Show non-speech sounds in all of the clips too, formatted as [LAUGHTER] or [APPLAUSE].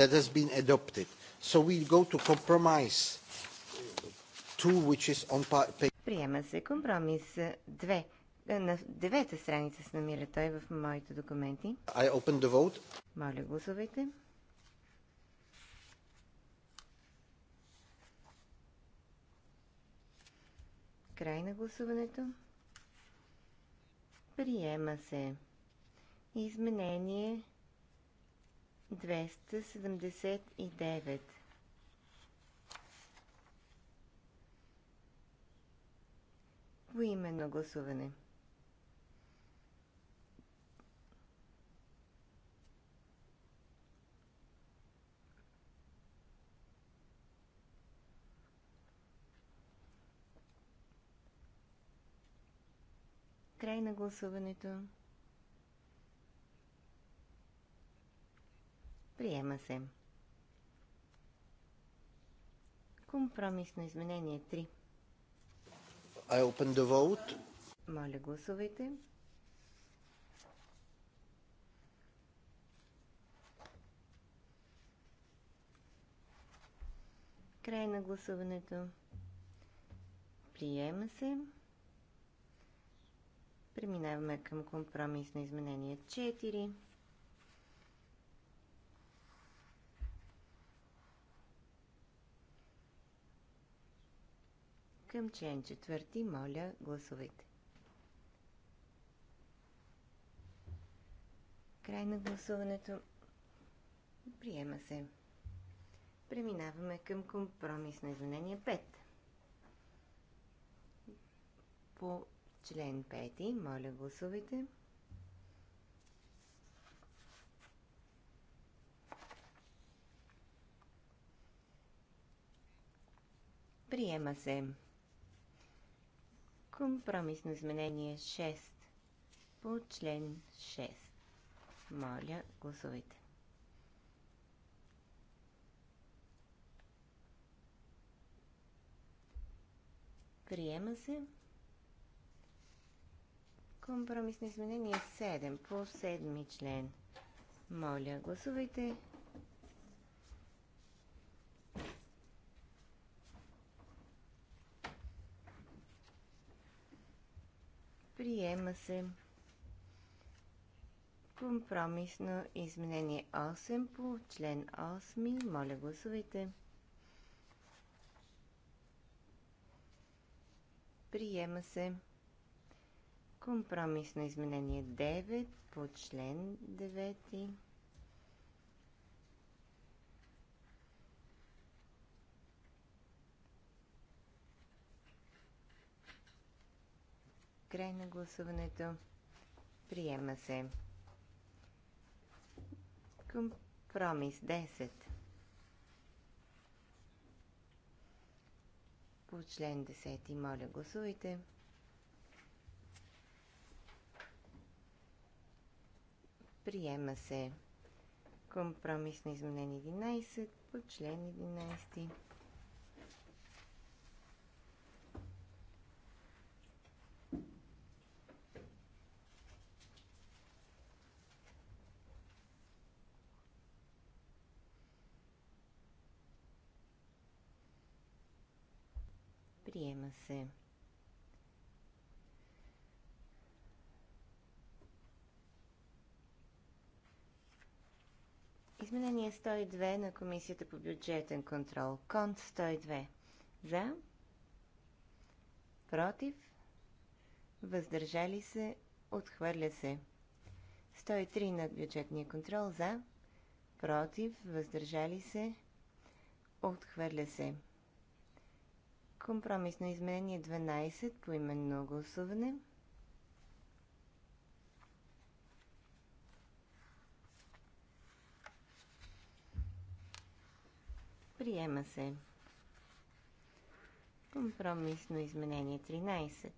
that has been adopted. So we go to compromise two, which is on page... Приема се компромис 2. Е, на девета страница се намира той в моите документи. I open the vote. Моля, гласувайте. Край на гласуването. Приема се. Изменение 279. Поименно гласуване. Край на гласуването. Приема се. Компромисно изменение 3. I open the vote. Моля, гласувайте. Край на гласуването. Приема се. Преминаваме към компромисно изменение 4. към член четвърти. Моля, гласувайте. Край на гласуването. Приема се. Преминаваме към компромис на изменение 5. По член 5, моля гласувайте. Приема се. Компромисно изменение 6 по член 6. Моля, гласувайте. Приема се. Компромисно изменение 7 по 7 член. Моля, гласувайте. Приема се компромисно изменение 8 по член 8. Моля гласувайте. Приема се компромисно изменение 9 по член 9. Край на гласуването. Приема се. Компромис 10. По член 10. Моля, гласувайте. Приема се. Компромис на изменение 11 по член 11. Приема се. Изменение 102 на Комисията по бюджетен контрол. Конт 102. За. Против. Въздържали се. Отхвърля се. 103 на бюджетния контрол. За. Против. Въздържали се. Отхвърля се. Компромисно изменение 12 по именно гласуване. Приема се. Компромисно изменение 13.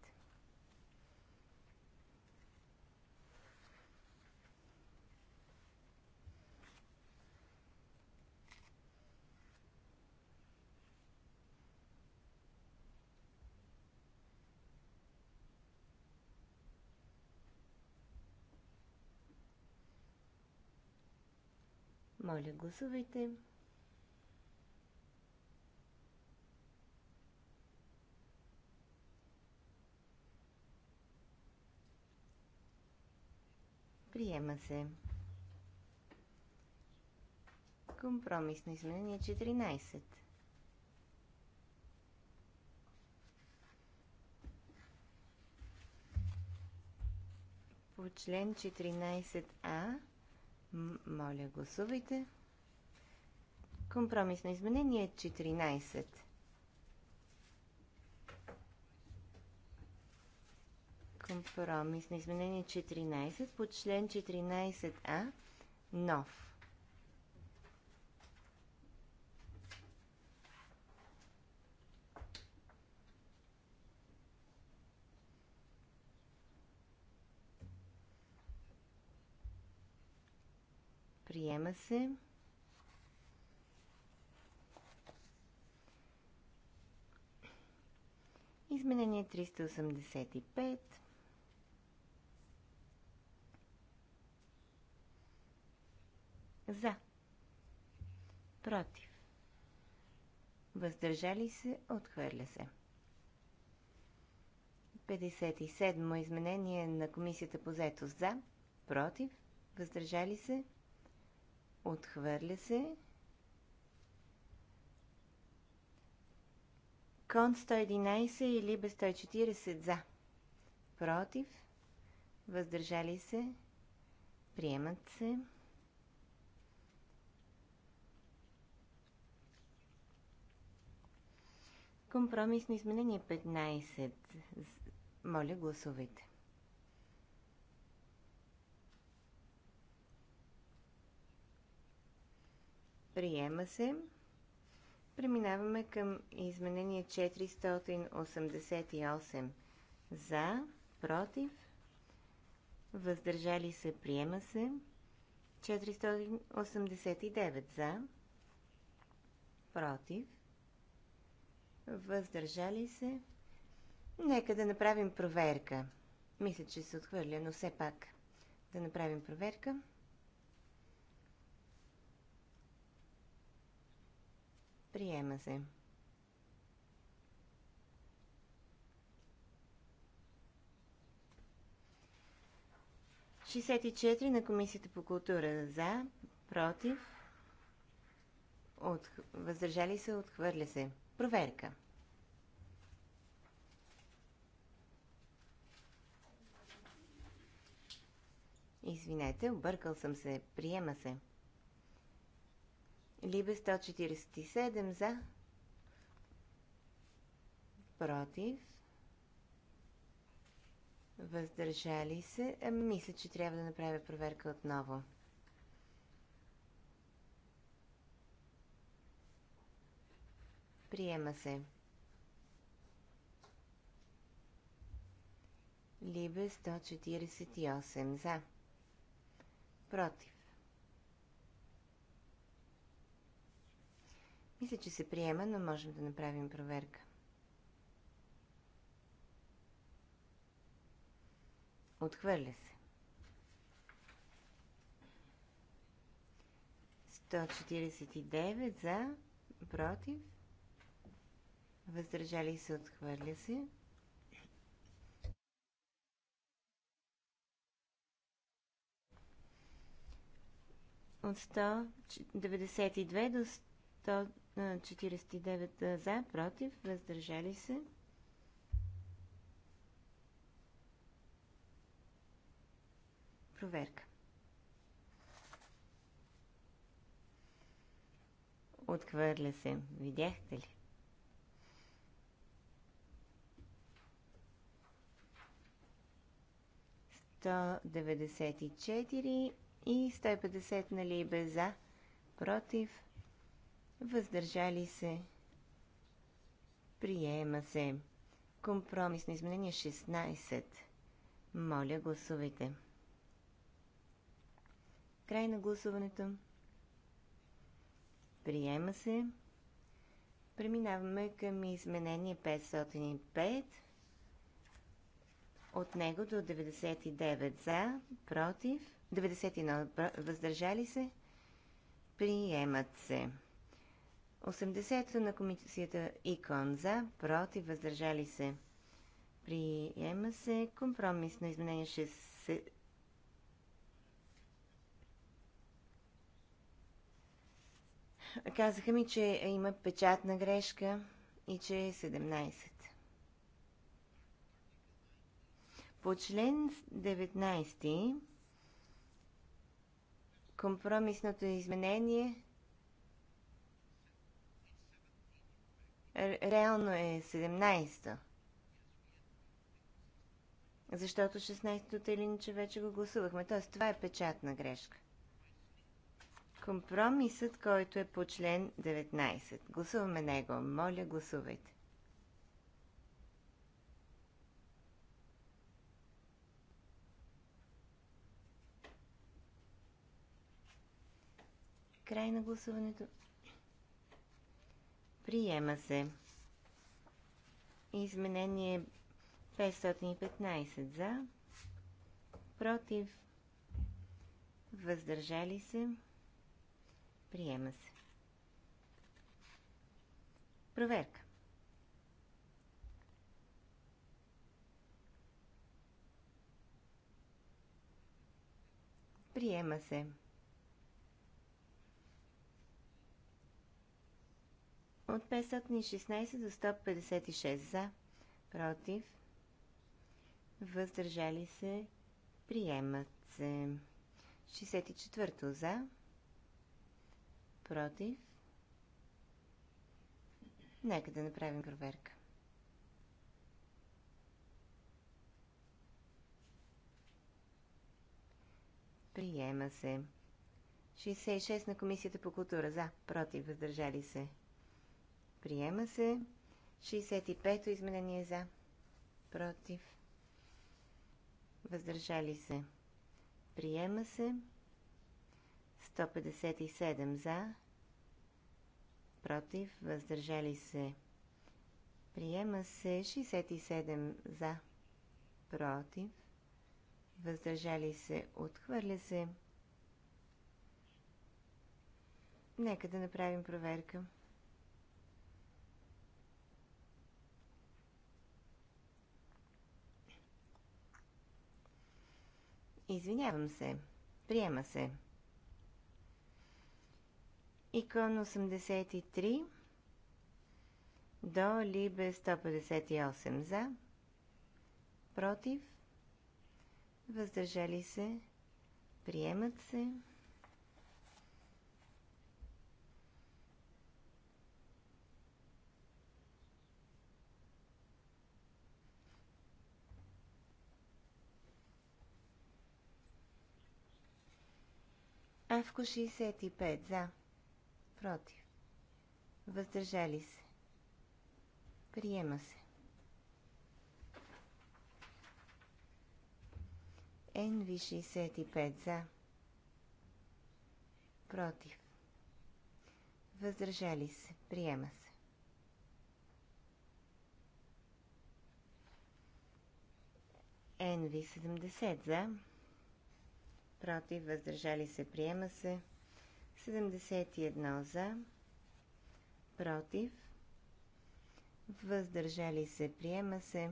Моля, гласувайте. Приема се. Компромисно изменение 14. член 14а моля, гласувайте. на изменение 14. Компромис на изменение 14 по член 14а нов. приема се. Изменение 385. За. Против. Въздържали се, отхвърля се. 57. Изменение на Комисията по заето за. Против. Въздържали се, Отхвърля се. Кон 111 или без 140 за. Против. Въздържали се. Приемат се. Компромисно изменение 15. Моля, гласувайте. Приема се. Преминаваме към изменение 488. За, против, въздържали се, приема се. 489 за, против, въздържали се. Нека да направим проверка. Мисля, че се отхвърля, но все пак да направим проверка. Приема се. Шестдесет четири на Комисията по култура за, против, от, въздържали се, отхвърля се. Проверка. Извинете, объркал съм се. Приема се. Либе 147 за. Против. Въздържали се. А, е, мисля, че трябва да направя проверка отново. Приема се. Либе 148 за. Против. Мисля, че се приема, но можем да направим проверка. Отхвърля се. 149 за, против, въздържали се, отхвърля се. От 192 до 49 за, против, въздържали се. Проверка. Отхвърля се. Видяхте ли? Сто и 150 нали без за, против, въздържали се, приема се. Компромисно изменение 16. Моля, гласувайте. Край на гласуването. Приема се. Преминаваме към изменение 505. От него до 99 за, против, 91 въздържали се. Приемат се. 80 на комисията ИКОН за, против, въздържали се. Приема се компромис на изменение 6. Казаха ми, че има печатна грешка и че е 17. По член 19 компромисното изменение реално е 17-та. Защото 16-то или вече го гласувахме. Т.е. това е печатна грешка. Компромисът, който е по член 19. Гласуваме него. Моля, гласувайте. Край на гласуването. Приема се. Изменение 515 за. Против. Въздържали се. Приема се. Проверка. Приема се. От 516 до 156 за, против, въздържали се, приемат се. 64-то за, против. Нека да направим проверка. Приема се. 66 на Комисията по култура за, против, въздържали се, Приема се. 65-то изменение за. Против. Въздържали се. Приема се. 157 за. Против. Въздържали се. Приема се. 67 за. Против. Въздържали се. Отхвърля се. Нека да направим проверка. Извинявам се. Приема се. Икон 83 до Либе 158 за. Против. Въздържали се. Приемат се. Авко 65 за. Против. Въздържали се. Приема се. НВ 65 за. Против. Въздържали се. Приема се. НВ 70 за против, въздържали се, приема се. 71 за, против, въздържали се, приема се.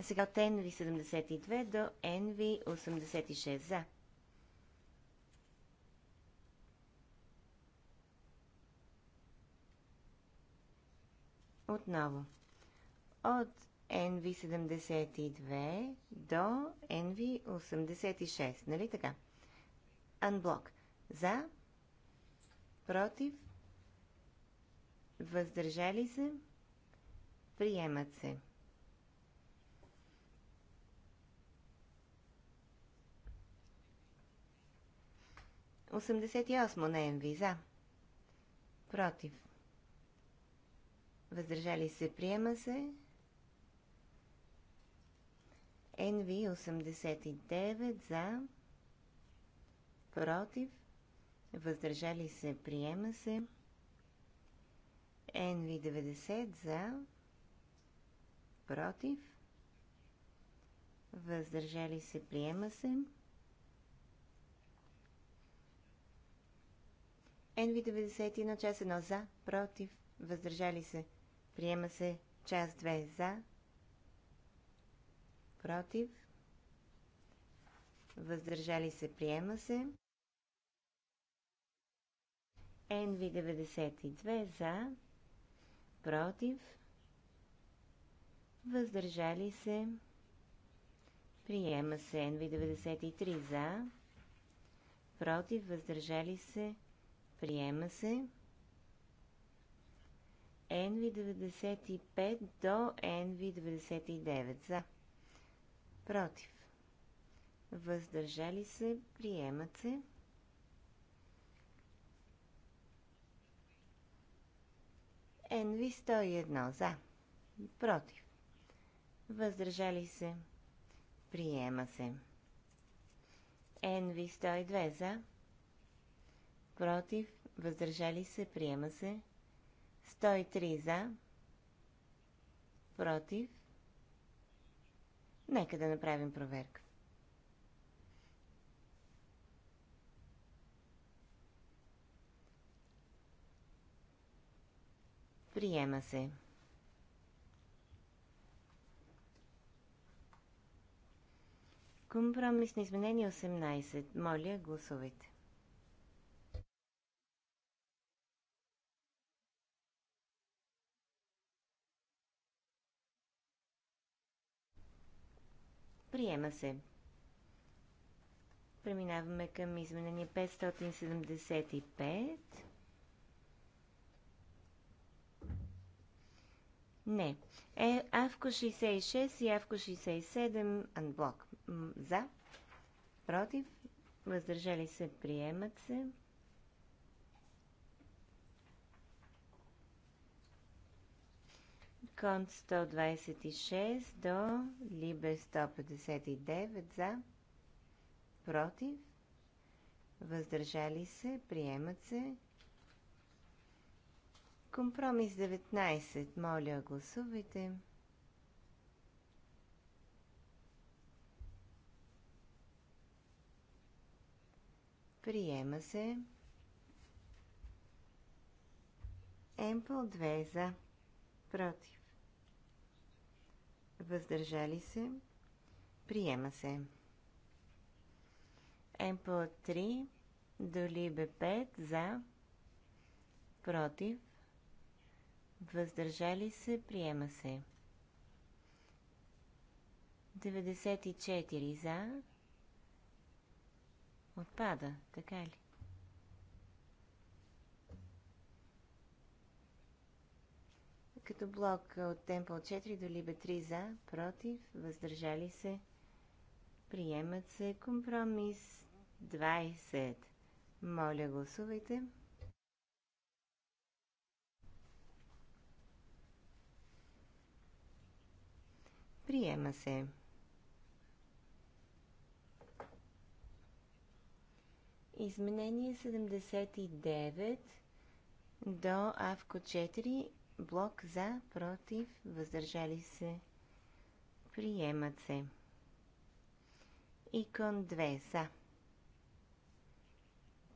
А сега от NV72 до NV86 за. Отново. От NV72 до NV86. Нали така? Анблок. За. Против. Въздържали се. Приемат се. 88 на ЕНВИ за. Против. Въздържали се, приема се. НВ 89 за. Против. Въздържали се, приема се. НВ 90 за. Против. Въздържали се, приема се. NV91 част 1 за, против, въздържали се. Приема се част 2 за, против, въздържали се. Приема се. NV92 за, против, въздържали се. Приема се NV93 за, против, въздържали се. Приема се. NV95 до NV99 за. Против. Въздържали се. Приемат се. NV101 за. Против. Въздържали се. Приема се. NV102 за против, въздържали се, приема се. 103 за, против. Нека да направим проверка. Приема се. Компромисни изменение 18. Моля, гласувайте. Приема се. Преминаваме към изменение 575. Не. Е, Авко 66 и Авко 67 анблок. За. Против. Въздържали се. Приемат се. Конт 126 до Либе 159 за, против, въздържали се, приемат се. Компромис 19, моля гласувайте. Приема се. Емпл 2 за. Против въздържали се, приема се. МПО 3 до б 5 за, против, въздържали се, приема се. 94 за, отпада, така ли? като блок от темпо от 4 до либе 3 за, против, въздържали се, приемат се компромис 20. Моля, гласувайте. Приема се. Изменение 79 до АВКО 4 блок за, против, въздържали се, приемат се. Икон 2 за,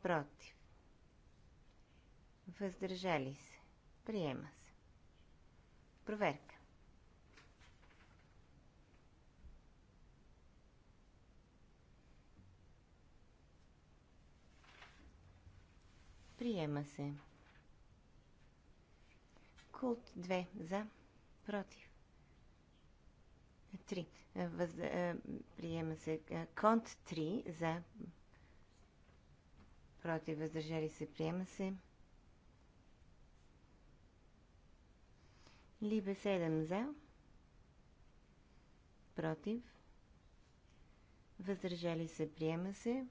против, въздържали се, приема се. Проверка. Приема се. Култ 2 за, против. 3. Въз... Е, приема се е, конт 3 за, против, въздържали се, приема се. Либе 7 за, против, въздържали се, приема се.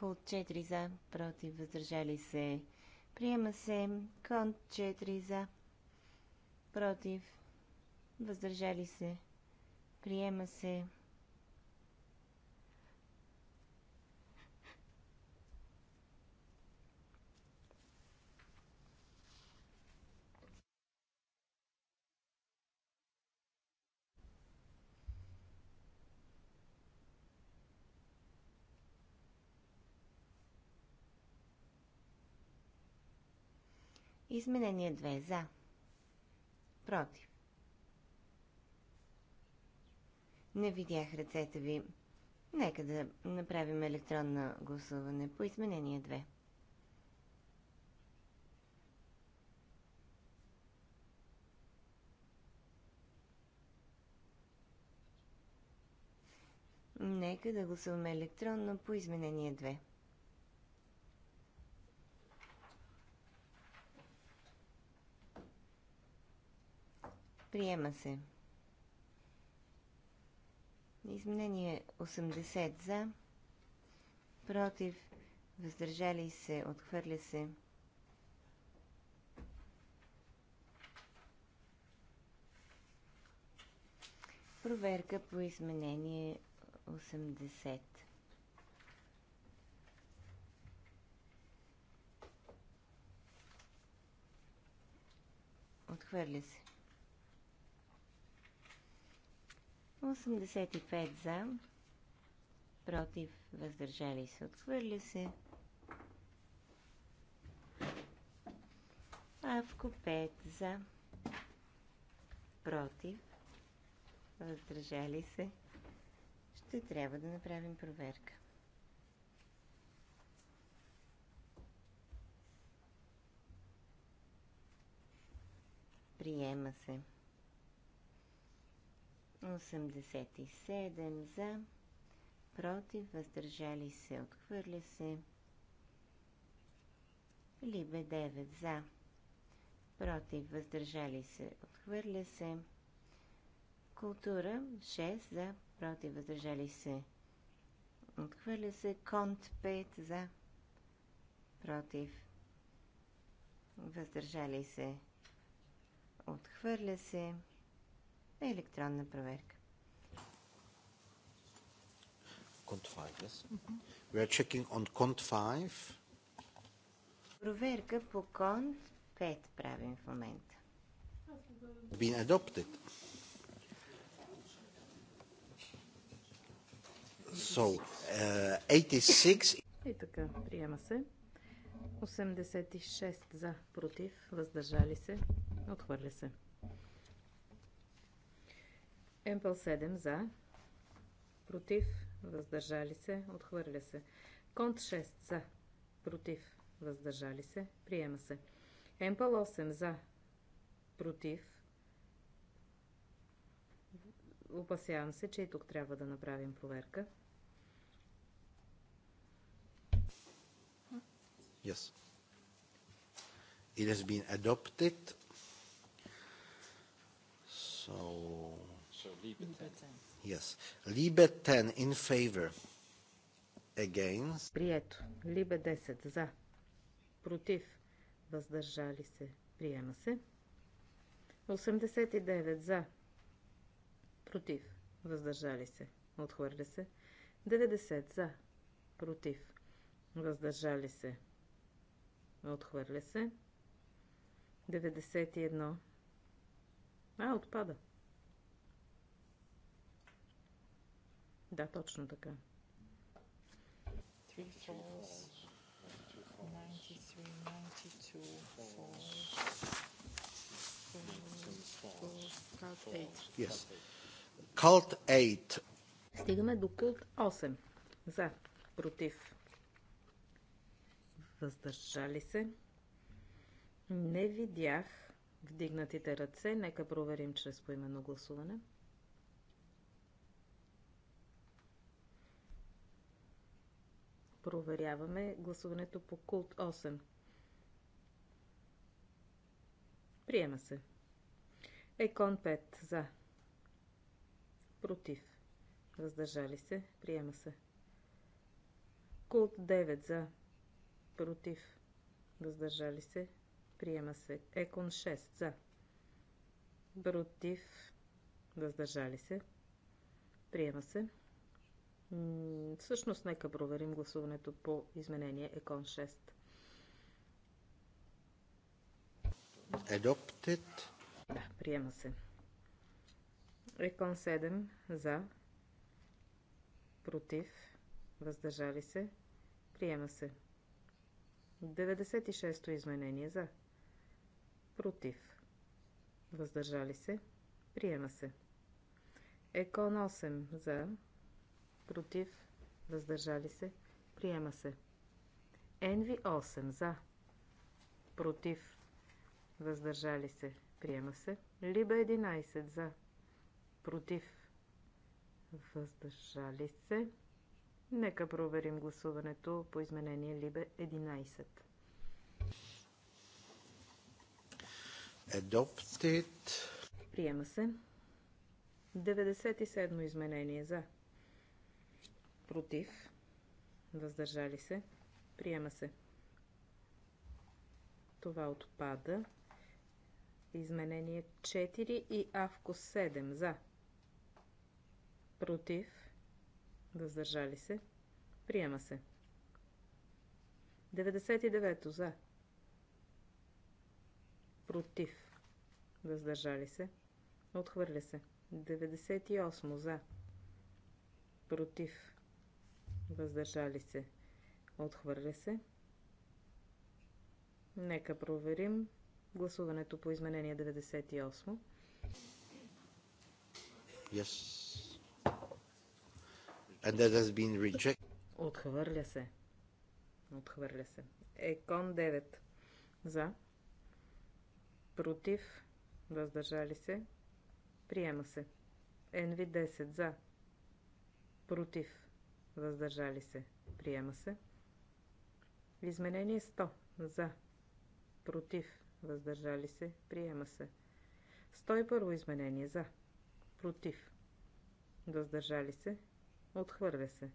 Култ 4 за, против, въздържали се. Приема се. Конт 4 за, против, въздържали се. Приема се. Изменение 2 за. Против. Не видях ръцете ви. Нека да направим електронно гласуване по изменение 2. Нека да гласуваме електронно по изменение 2. Приема се. Изменение 80 за. Против. Въздържали се. Отхвърля се. Проверка по изменение 80. Отхвърля се. 85 за, против, въздържали се, отхвърля се. Авко 5 за, против, въздържали се. Ще трябва да направим проверка. Приема се. 87 за, против, въздържали се, отхвърля се. Либе 9 за, против, въздържали се, отхвърля се. Култура 6 за, против, въздържали се, отхвърля се. Конт 5 за, против, въздържали се, отхвърля се на електронна проверка. Cont 5, yes? Mm-hmm. We are checking on Cont 5. Проверка по Cont 5 правим в момента. Been adopted. So, uh, 86... И така, приема се. 86 за, против, въздържали се, отхвърля се. Емпъл 7 за. Против. Въздържали се. Отхвърля се. Конт 6 за. Против. Въздържали се. Приема се. Емпъл 8 за. Против. Опасявам се, че и тук трябва да направим проверка. Yes. It has been adopted. So So Liebe 10. Yes. Liebe 10 in favor. Against. Прието. Либе 10 за. Против. Въздържали се. Приема се. 89 за. Против. Въздържали се. Отхвърля се. 90 за. Против. Въздържали се. Отхвърля се. 91. А, отпада. 91. Да, точно така. 93, 8. Стигаме до култ 8. За. Против. Въздържали се. Не видях вдигнатите ръце. Нека проверим чрез поименно гласуване. проверяваме гласуването по култ 8. Приема се. Екон 5 за. Против. Въздържали се. Приема се. Култ 9 за. Против. Въздържали се. Приема се. Екон 6 за. Против. Въздържали се. Приема се. Всъщност, нека проверим гласуването по изменение ЕКОН 6. Adopted. Да, приема се. Екон 7 за. Против. Въздържали се. Приема се. 96-то изменение за. Против. Въздържали се. Приема се. Екон 8 за против, въздържали се, приема се. NV8 за, против, въздържали се, приема се. Либа 11 за, против, въздържали се. Нека проверим гласуването по изменение Либе 11. Adopted. Приема се. 97 изменение за против, въздържали се, приема се. Това отпада. Изменение 4 и авко 7 за, против, въздържали се, приема се. 99 за, против, въздържали се, отхвърля се. 98 за, против, въздържали се, отхвърля се. Нека проверим гласуването по изменение 98. Yes. And that has been Отхвърля се. Отхвърля се. Екон 9. За. Против. Въздържали се. Приема се. Енви 10. За. Против въздържали се, приема се. Изменение 100 за, против, въздържали се, приема се. 101 изменение за, против, въздържали се, отхвърля се.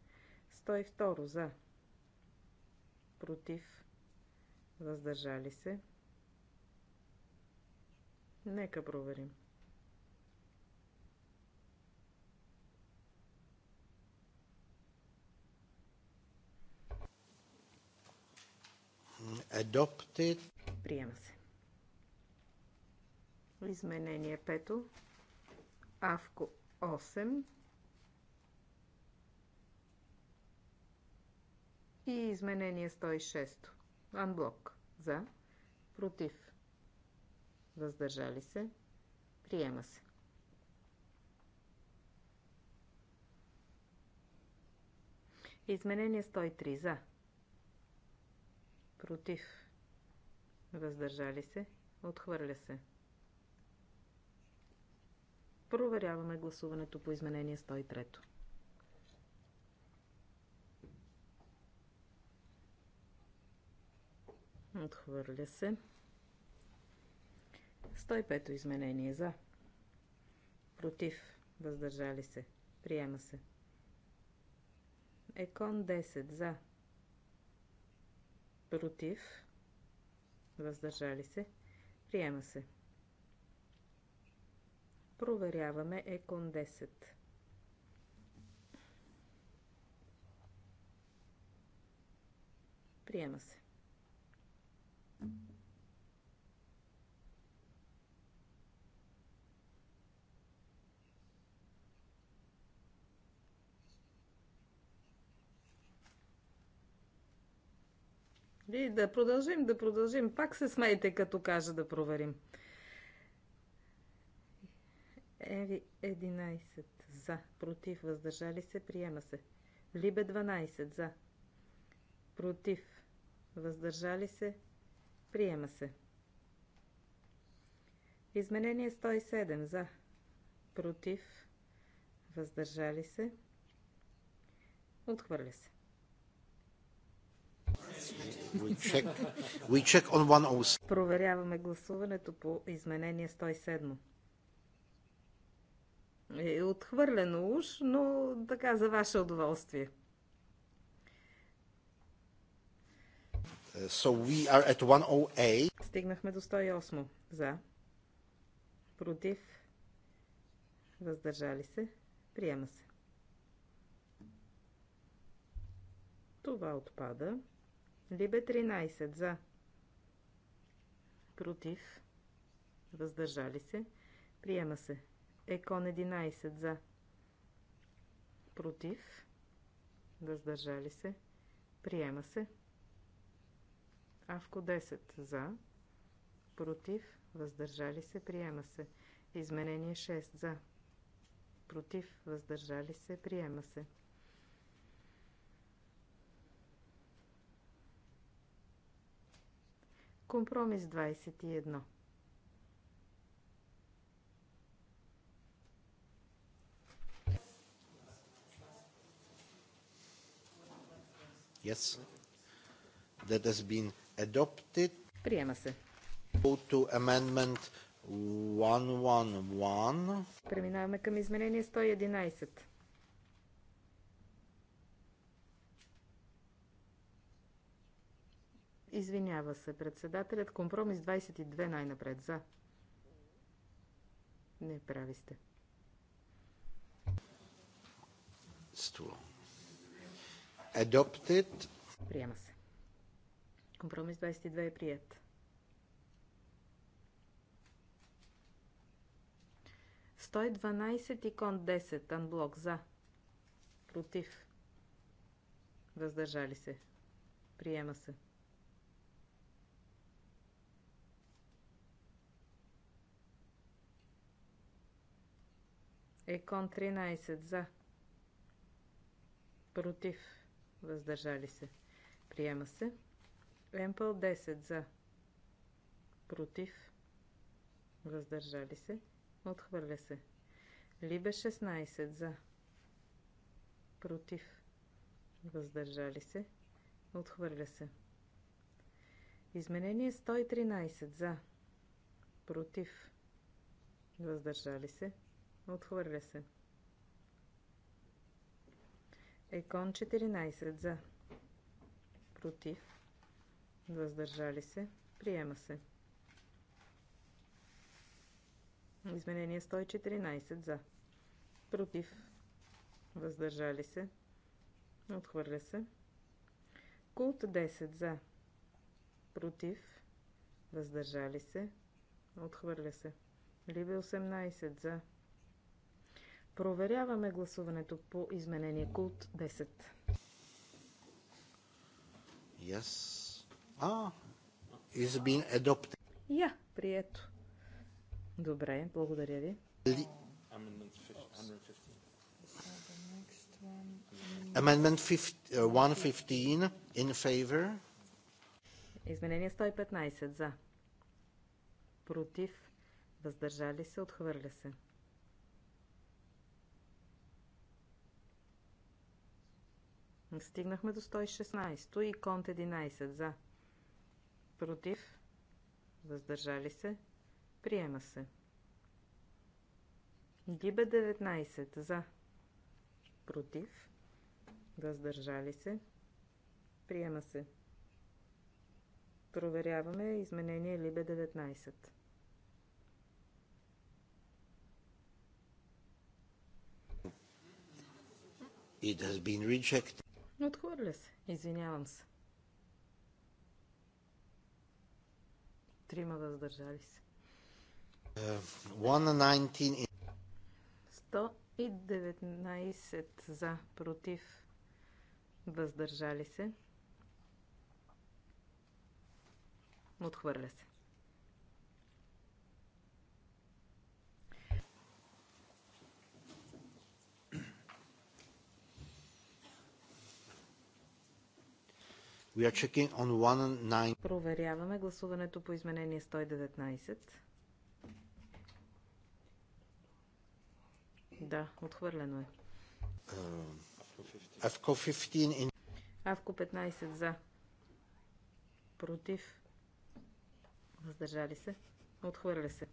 102 за, против, въздържали се. Нека проверим. Adopted. Приема се. Изменение пето Авко 8. И изменение 106. Анблок. За. Против. Въздържали се. Приема се. Изменение 103. За против, въздържали се, отхвърля се. Проверяваме гласуването по изменение 103. Отхвърля се. 105 изменение за. Против. Въздържали се. Приема се. Екон 10 за против, въздържали се, приема се. Проверяваме Екон 10. Приема се. И да продължим, да продължим. Пак се смейте, като кажа да проверим. Еви 11 за, против, въздържали се, приема се. Либе 12 за, против, въздържали се, приема се. Изменение 107 за, против, въздържали се, отхвърля се. We check, we check on 107. Проверяваме гласуването по изменение 107. Е отхвърлено уж, но така за ваше удоволствие. Е, so we are at 108. Стигнахме до 108. За. Против. Въздържали се. Приема се. Това отпада. Либе 13 за. Против. Въздържали се. Приема се. Екон 11 за. Против. Въздържали се. Приема се. Авко 10 за. Против. Въздържали се. Приема се. Изменение 6 за. Против. Въздържали се. Приема се. Компромис 21. Yes. That has been adopted. Приема се. Go to amendment 111. Преминаваме към изменение 111. Извинява се председателят. Компромис 22 най-напред. За. Не прави сте. Стул. Adopted. Приема се. Компромис 22 е прият. Стой 12 и кон 10. Анблок за. Против. Въздържали се. Приема се. Екон 13 за. Против. Въздържали се. Приема се. Емпъл 10 за. Против. Въздържали се. Отхвърля се. Либе 16 за. Против. Въздържали се. Отхвърля се. Изменение 113 за. Против. Въздържали се. Отхвърля се. Екон 14 за. Против. Въздържали се. Приема се. Изменение 114 за. Против. Въздържали се. Отхвърля се. Култ 10 за. Против. Въздържали се. Отхвърля се. Либе 18 за. Проверяваме гласуването по изменение Култ 10. Yes. Ah, it's been adopted. Я, yeah, прието. Добре, благодаря ви. Amendment 115 uh, in favor. Изменение 115 за. Против. Въздържали се. Отхвърля се. Стигнахме до 116 и конт 11 за. Против. Въздържали се. Приема се. Гибе 19 за. Против. Въздържали се. Приема се. Проверяваме изменение Либе 19. It has been rejected. Отхвърля се. Извинявам се. Трима въздържали се. 119 за, против, въздържали се. Отхвърля се. We are checking on and Проверяваме гласуването по изменение 119. Да, отхвърлено е. е авко 15 in... за. Против. Въздържали се. Отхвърля се.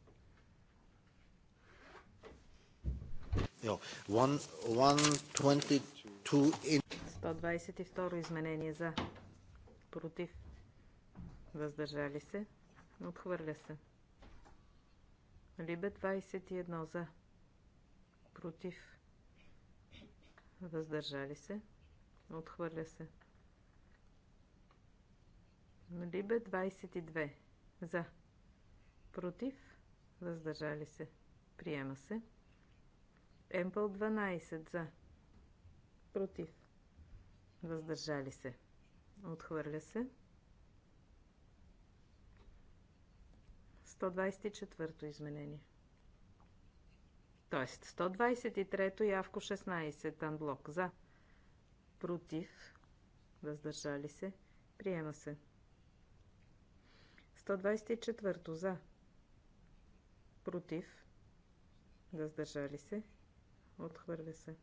No. One, one in... 122 изменение за против, въздържали се, отхвърля се. Либе 21 за, против, въздържали се, отхвърля се. Либе 22 за, против, въздържали се, приема се. Емпъл 12 за, против, въздържали се. Отхвърля се. 124-то изменение. Тоест, 123-то явко 16 анблок за. Против. Въздържали се. Приема се. 124-то за. Против. Въздържали се. Отхвърля се.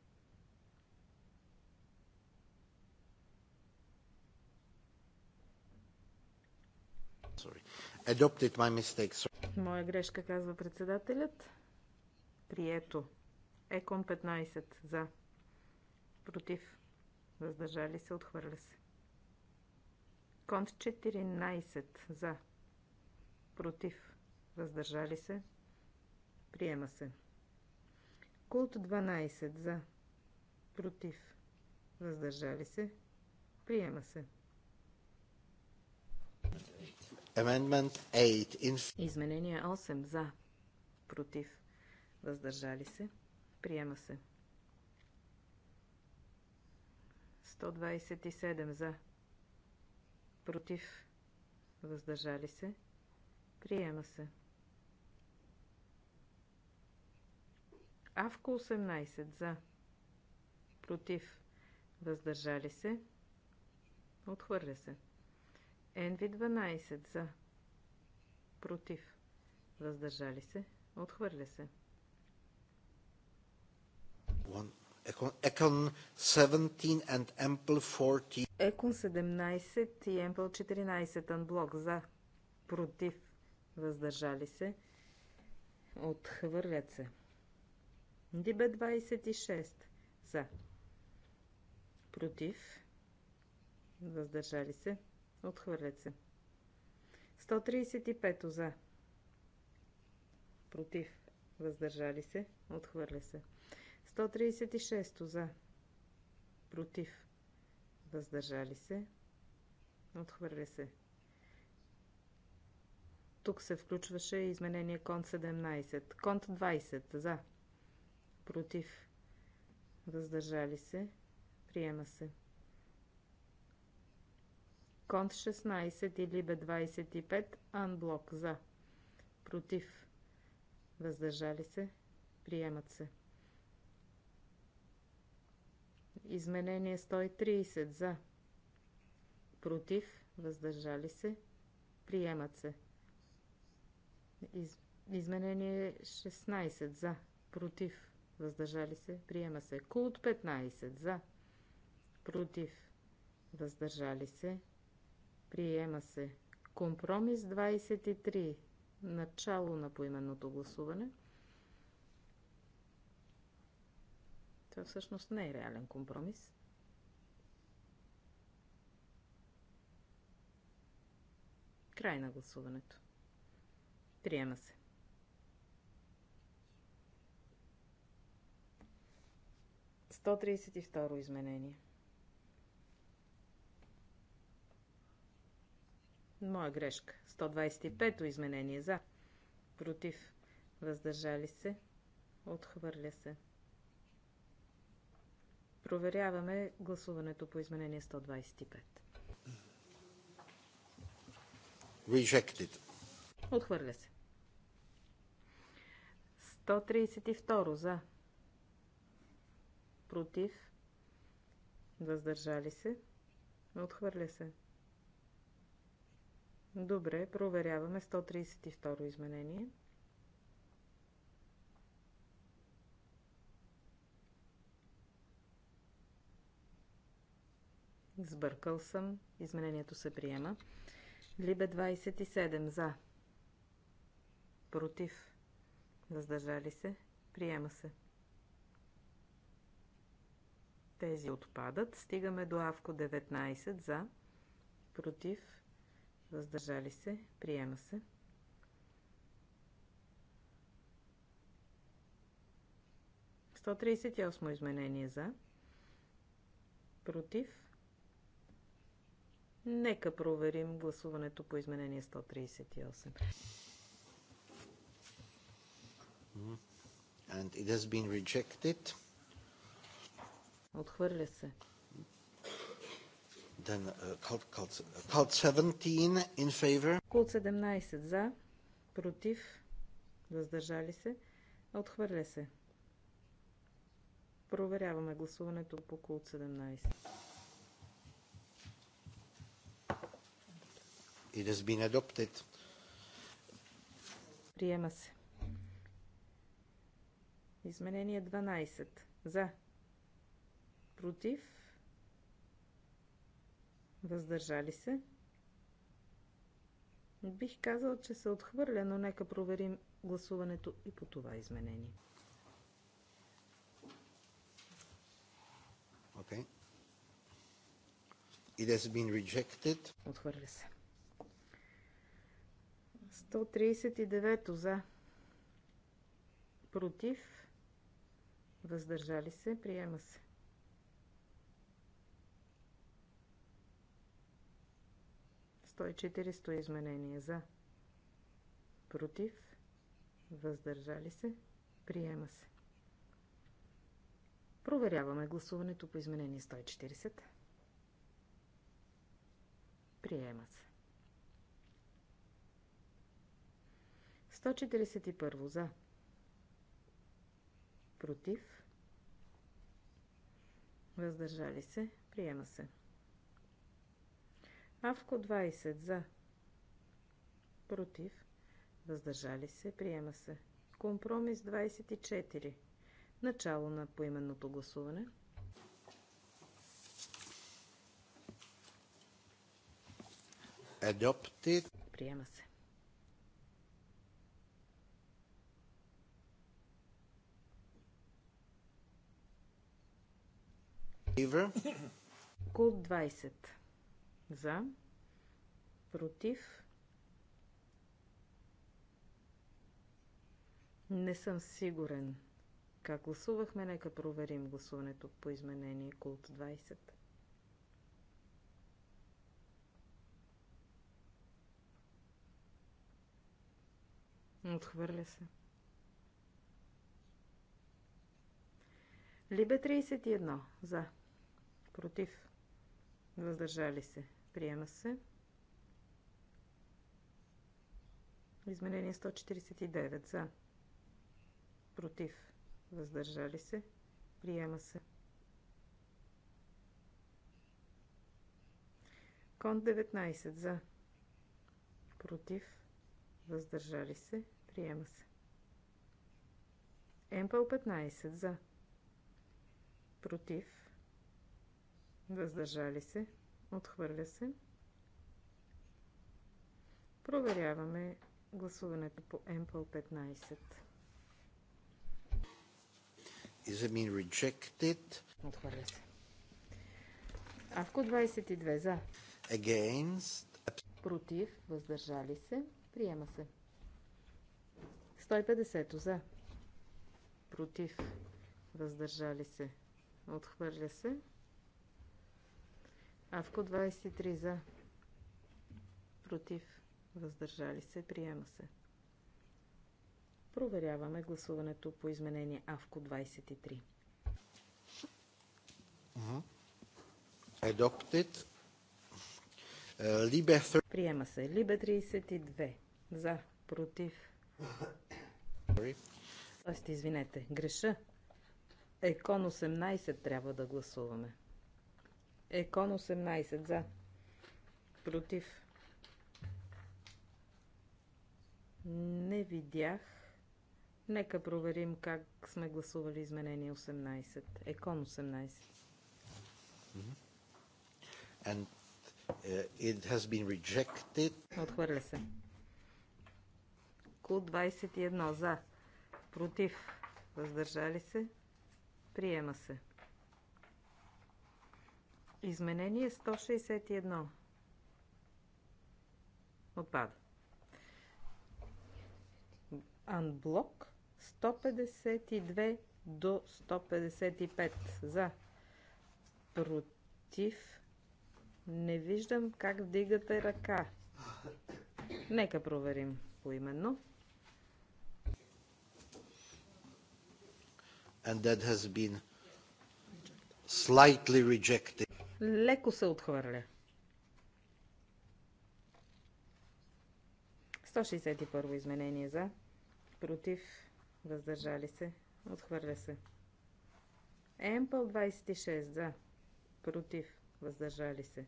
Adopted my Моя грешка, казва председателят. Прието. Екон 15. За. Против. Въздържали се. Отхвърля се. Конт 14. За. Против. Въздържали се. Приема се. Култ 12. За. Против. Въздържали се. Приема се. Изменение 8 за, против, въздържали се, приема се. 127 за, против, въздържали се, приема се. Авко 18 за, против, въздържали се, отхвърля се. NV12 за. Против. Въздържали се. Отхвърля се. Екон 17 and Ample 14. Екон 17 и Ample 14 анблок за. Против. Въздържали се. Отхвърлят се. Дибе 26 за. Против. Въздържали се. Отхвърлят се. 135 за. Против. Въздържали се. Отхвърля се. 136 за. Против. Въздържали се. Отхвърля се. Тук се включваше изменение конт 17. Конт 20 за. Против. Въздържали се. Приема се. Конт 16 или бе 25 анблок за. Против. Въздържали се. Приемат се. Изменение 130 за. Против. Въздържали се. Приемат се. Из... Изменение 16 за. Против. Въздържали се. Приема се. Култ 15 за. Против. Въздържали се. Приема се. Компромис 23. Начало на поименното гласуване. Това всъщност не е реален компромис. Край на гласуването. Приема се. Сто тридесет и второ изменение. Моя грешка. 125-то изменение за. Против. Въздържали се. Отхвърля се. Проверяваме гласуването по изменение 125. Rejected. Отхвърля се. 132 за. Против. Въздържали се. Отхвърля се. Добре, проверяваме 132 изменение. Сбъркал съм. Изменението се приема. Либе 27 за. Против. Въздържали се. Приема се. Тези отпадат. Стигаме до Авко 19 за. Против въздържали се, приема се. Сто осмо изменение за, против. Нека проверим гласуването по изменение 138. And it has been rejected. Отхвърля се. Then uh, cult, cult, cult 17 in favor. Култ 17 за, против, въздържали се, отхвърля се. Проверяваме гласуването по култ 17. It has been adopted. Приема се. Изменение 12. За. Против. Въздържали се? Бих казал, че се отхвърля, но нека проверим гласуването и по това изменение. Okay. It has been rejected. Отхвърля се. 139 за. Против. Въздържали се. Приема се. 140 изменения за. Против. Въздържали се. Приема се. Проверяваме гласуването по изменение 140. Приема се. 141 за. Против. Въздържали се. Приема се. 142. Авко 20 за. Против. Въздържали се. Приема се. Компромис 24. Начало на поименното гласуване. Adopted. Приема се. Кул 20 за, против. Не съм сигурен как гласувахме. Нека проверим гласуването по изменение Култ 20. Отхвърля се. Либе 31. За. Против. Въздържали се. Приема се. Изменение 149 за. Против. Въздържали се. Приема се. Кон 19 за. Против. Въздържали се. Приема се. Емпъл 15 за. Против. Въздържали се. Отхвърля се. Проверяваме гласуването по MPL 15. Is it mean rejected? Отхвърля се. Авко 22 за. Against. Против. Въздържали се. Приема се. 150 за. Против. Въздържали се. Отхвърля се. Авко 23 за. Против. Въздържали се. Приема се. Проверяваме гласуването по изменение Авко 23. Adopted. Либе... Приема се. Либе 32. За. Против. Тоест, извинете, греша. Екон 18 трябва да гласуваме. Екон 18 за. Против. Не видях. Нека проверим как сме гласували изменение 18. Екон 18. Mm-hmm. And uh, it has been rejected. Отхвърля се. Ку 21 за. Против. Въздържали се. Приема се. Изменение 161. Отпада. Анблок 152 до 155. За. Против. Не виждам как вдигате ръка. Нека проверим поименно. And that has been slightly rejected. Леко се отхвърля. 161 изменение за, против, въздържали се, отхвърля се. Емпъл 26 за, против, въздържали се,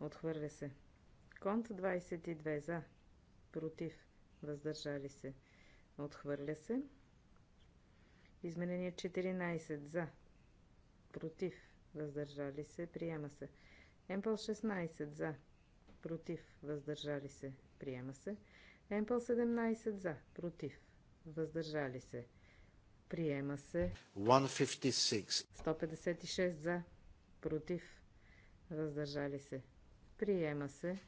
отхвърля се. Конт 22 за, против, въздържали се, отхвърля се. Изменение 14 за, против, въздържали се, приема се. Емпъл 16 за, против, въздържали се, приема се. Емпъл 17 за, против, въздържали се, приема се. 156, 156 за, против, въздържали се, приема се.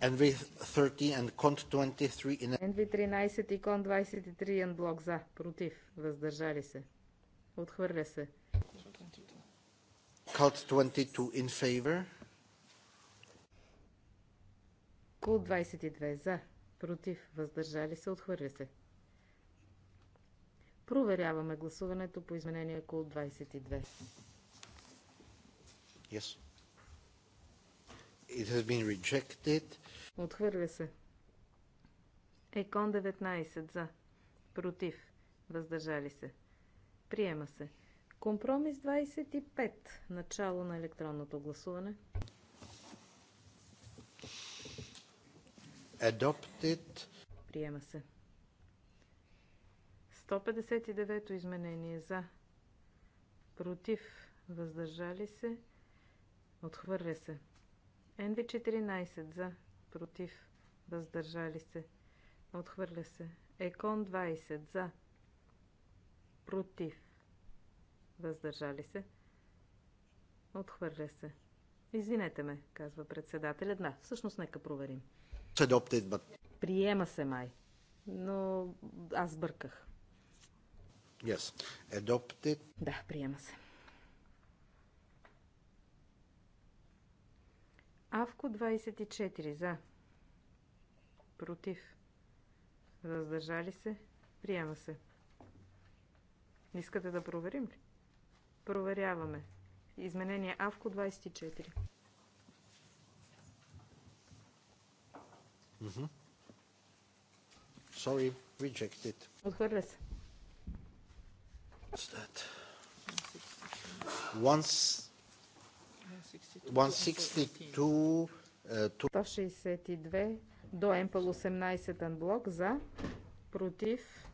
NV13 и Кон 23 блок за, против, въздържали се, отхвърля се. Cult 22 in favor. Кул 22 за, против, въздържали се, отхвърля се. Проверяваме гласуването по изменение Кул 22. Yes. It has been rejected. Отхвърля се. Екон 19 за, против, въздържали се. Приема се. Компромис 25. Начало на електронното гласуване. Adopted. Приема се. 159-то изменение за. Против. Въздържали се. Отхвърля се. НВ-14 за. Против. Въздържали се. Отхвърля се. ЕКОН 20 за. Против Въздържали се. Отхвърля се. Извинете ме, казва председателят. Да, всъщност нека проверим. Приема се май. Но аз бърках. Yes. Adopted. Да, приема се. Авко 24 за. Против. Въздържали се. Приема се. Искате да проверим ли? Проверяваме. Изменение АВКО 24. Mm-hmm. Sorry, rejected. Отхвърля се. What's that? 162 162 uh, до МПЛ 18 анблок за против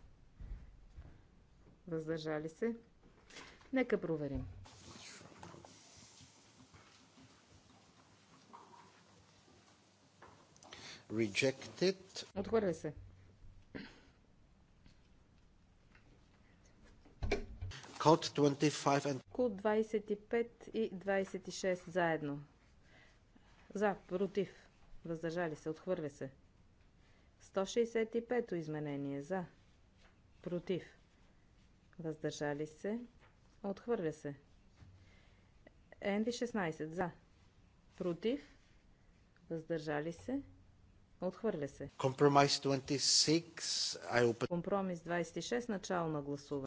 въздържали се Нека проверим. Rejected. Отхвърля се. Код 25, and... 25 и 26 заедно. За, против, въздържали се, отхвърля се. 165-то изменение за, против, въздържали се, Отхвърля се. NV16 за. Против. Въздържали се. Отхвърля се. Компромис 26. I open... Компромис 26. Начало на гласуване.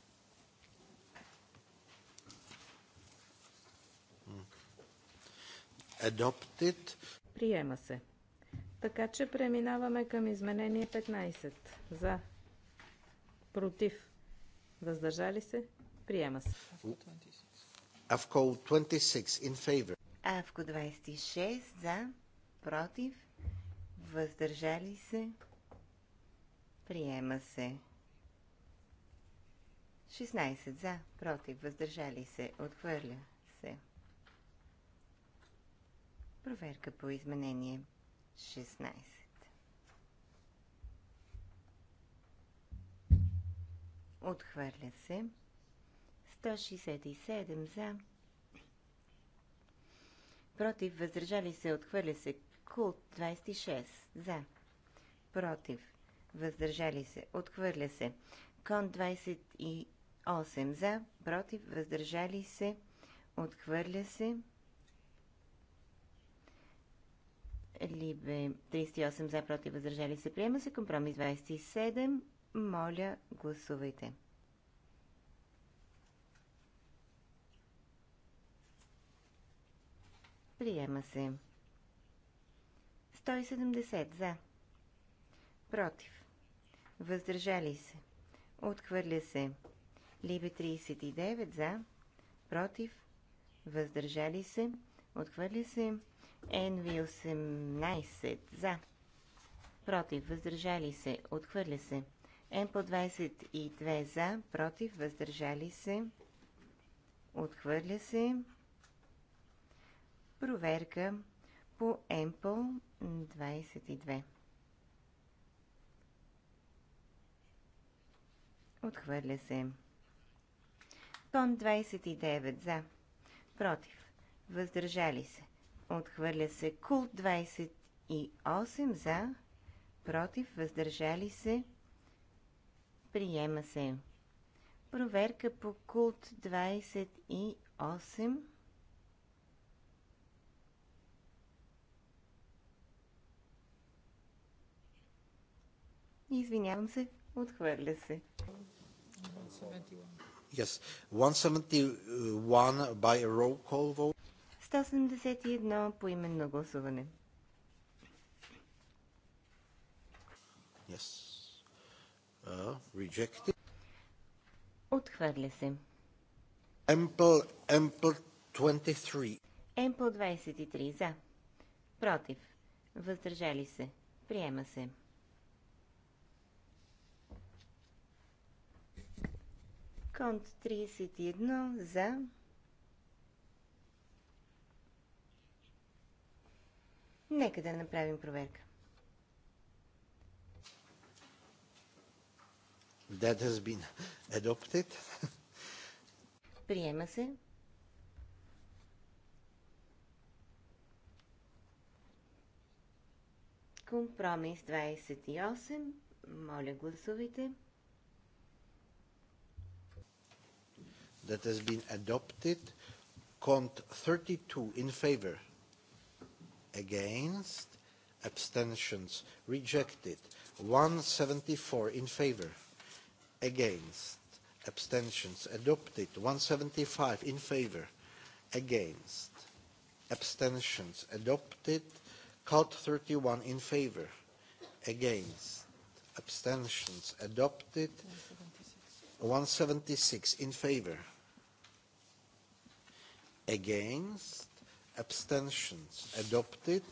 Adopted. Приема се. Така че преминаваме към изменение 15. За. Против. Въздържали се. Приема се. Авко 26 in favor. Авко 26 за, против, въздържали се, приема се. 16 за, против, въздържали се, отхвърля се. Проверка по изменение 16. Отхвърля се. 167 за. Против. Въздържали се. Отхвърля се. Култ 26 за. Против. Въздържали се. Отхвърля се. Кон 28 за. Против. Въздържали се. Отхвърля се. Либе 38 за. Против. Въздържали се. Приема се. Компромис 27. Моля, гласувайте. Приема се. 170 за. Против. Въздържали се. Отхвърля се. Либе 39 за. Против. Въздържали се. Отхвърля се. НВ 18 за. Против. Въздържали се. Отхвърля се. М по 22 за. Против. Въздържали се. Отхвърля се проверка по Емпл 22. Отхвърля се. Кон 29 за. Против. Въздържали се. Отхвърля се. Култ 28 за. Против. Въздържали се. Приема се. Проверка по култ 28. Извинявам се, отхвърля се. Yes. 171 by a roll call vote. 171 по именно гласуване. Yes. Uh, rejected. Отхвърля се. Ample, ample 23. Ample 23 за. Против. Въздържали се. Приема се. Конт 31 за. Нека да направим проверка. That has been adopted. Приема се. Компромис 28. Моля, гласувайте. that has been adopted. Cont 32 in favor, against, abstentions rejected. 174 in favor, against, abstentions adopted. 175 in favor, against, abstentions adopted. thirty 31 in favor, against, abstentions adopted. 176 in favor Against? Abstentions? Adopted.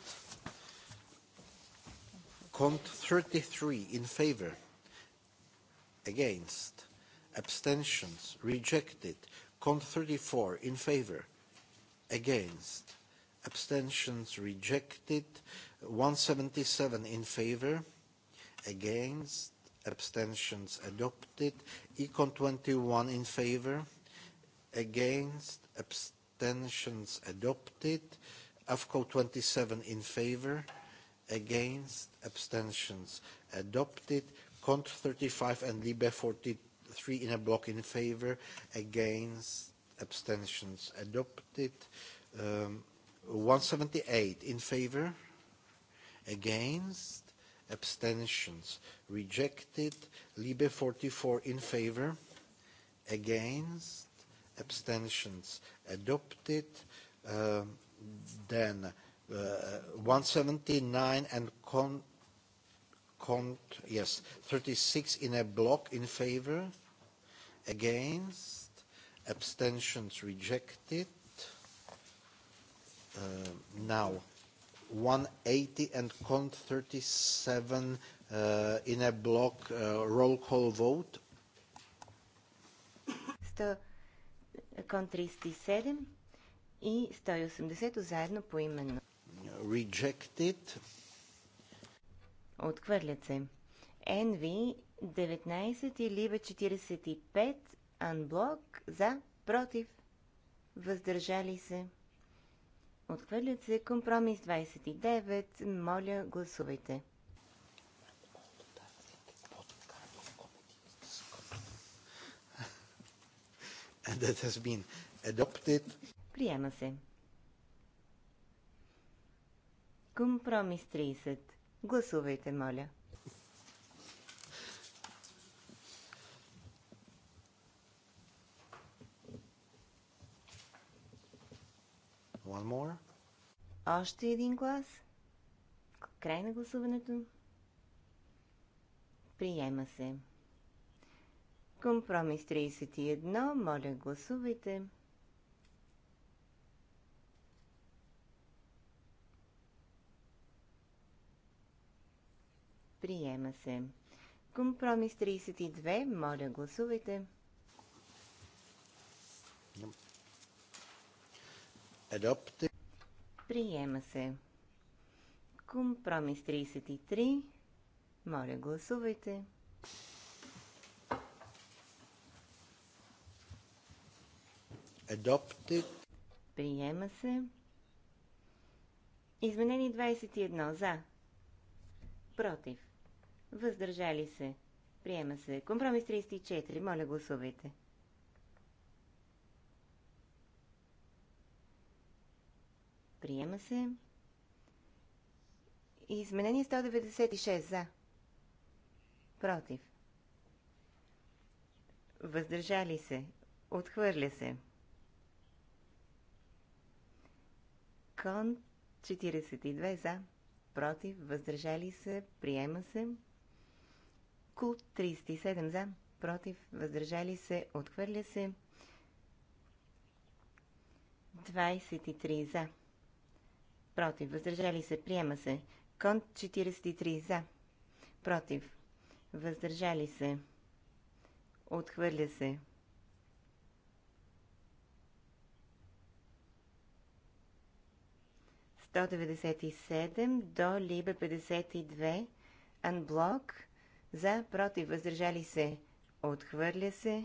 Cont 33 in favor. Against? Abstentions? Rejected. Cont 34 in favor. Against? Abstentions? Rejected. 177 in favor. Against? abstentions adopted. Econ 21 in favor, against, abstentions abstentions adopted. AFCO 27 in favor, against, abstentions adopted. Cont 35 and Libe 43 in a block in favor, against, abstentions adopted. Um, 178 in favor, against, abstentions rejected. Libe 44 in favor, against, abstentions adopted. Uh, then uh, 179 and con, con, yes, 36 in a block in favor, against, abstentions rejected. Uh, now 180 and con 37 uh, in a block uh, roll call vote. Кон 37 и 180 заедно по именно. Rejected. Отхвърлят се. NV 19 или 45 Анблок за, против, въздържали се. Отхвърлят се компромис 29. Моля, гласувайте. and [LAUGHS] that has been adopted. Приема се. Компромис 30. Гласувайте, моля. One more. Още един глас. Край на гласуването. Приема се. Компромис 31. Моля, гласувайте. Приема се. Компромис 32. Моля, гласувайте. Adopted. Приема се. Компромис 33. Моля, гласувайте. Adopted. Приема се. Изменени 21. За. Против. Въздържали се. Приема се. Компромис 34. Моля гласувайте. Приема се. Изменение 196 за. Против. Въздържали се. Отхвърля се. Кон 42 за, против, въздържали се, приема се. Култ 37 за, против, въздържали се, отхвърля се. 23 за, против, въздържали се, приема се. Кон 43 за, против, въздържали се, отхвърля се. 197 до Либе 52, анблок, за, против, въздържали се, отхвърля се,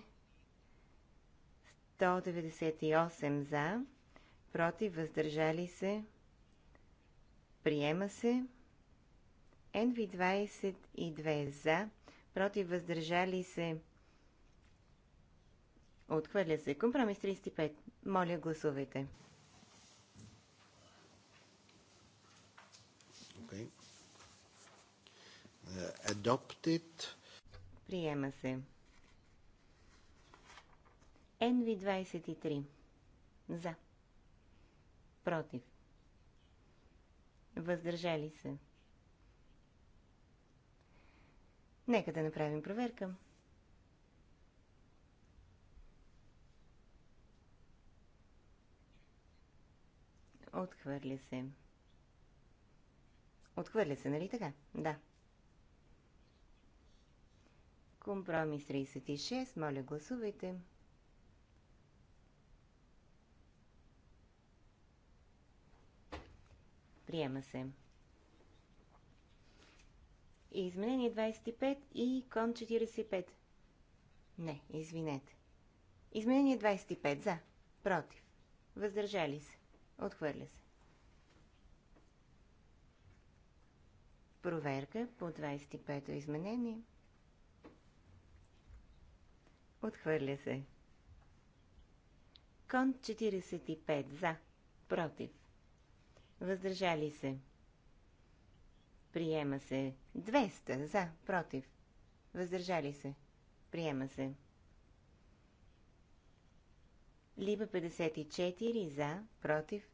198 за, против, въздържали се, приема се, NV22 за, против, въздържали се, отхвърля се, компромис 35, моля гласувайте. adopted. Приема се. NV23. За. Против. Въздържали се. Нека да направим проверка. Отхвърля се. Отхвърля се, нали така? Да. Компромис 36. Моля, гласувайте. Приема се. И изменение 25 и кон 45. Не, извинете. Изменение 25. За. Против. Въздържали се. Отхвърля се. Проверка по 25-то изменение. Отхвърля се. Кон 45. За. Против. Въздържали се. Приема се. 200. За. Против. Въздържали се. Приема се. Либа 54. За. Против.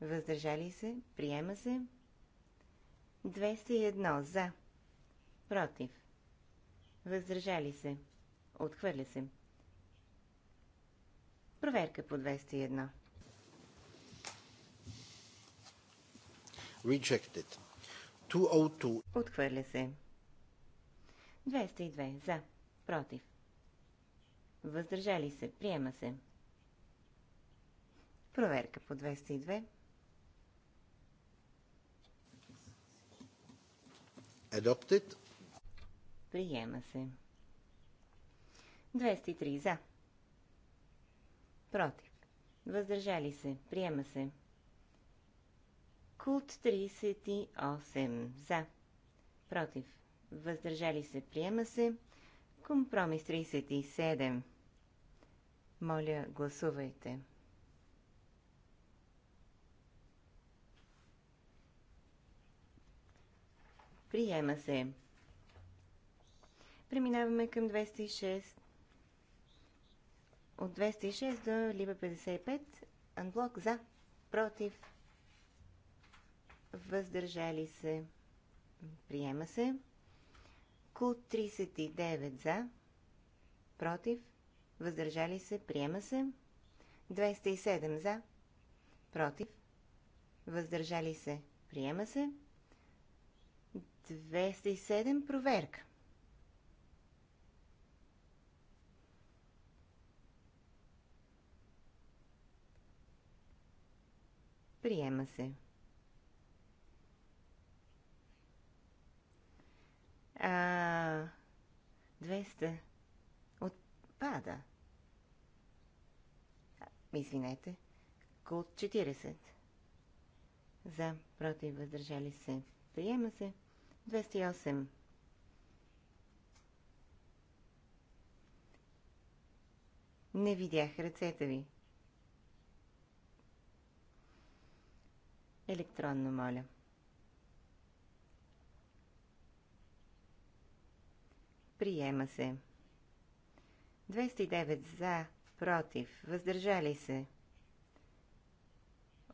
Въздържали се. Приема се. 201. За. Против. Въздържали се. Отхвърля се. Проверка по 201. Rejected. 202. Отхвърля се. 202. За. Против. Въздържали се. Приема се. Проверка по 202. Adopted. Приема се. 203 за. Против. Въздържали се. Приема се. Култ 38 за. Против. Въздържали се. Приема се. Компромис 37. Моля, гласувайте. Приема се. Преминаваме към 206 от 206 до либе 55. Анблок за, против, въздържали се, приема се. Кул 39 за, против, въздържали се, приема се. 207 за, против, въздържали се, приема се. 207 проверка. Приема се. А, 200 отпада. Извинете. Култ 40. За, против, въздържали се. Приема се. 208. Не видях ръцете ви. електронно, моля. Приема се. 209 за, против, въздържали се.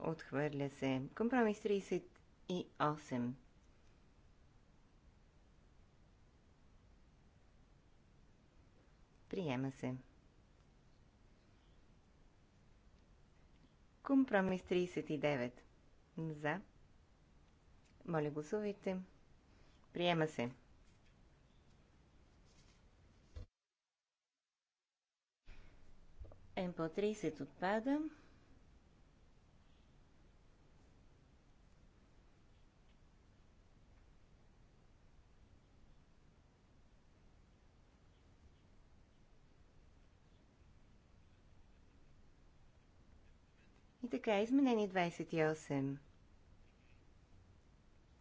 Отхвърля се. Компромис 38. Приема се. Компромис 39 за. Моля, гласувайте. Приема се. мп 30 отпада. И така, изменени 28.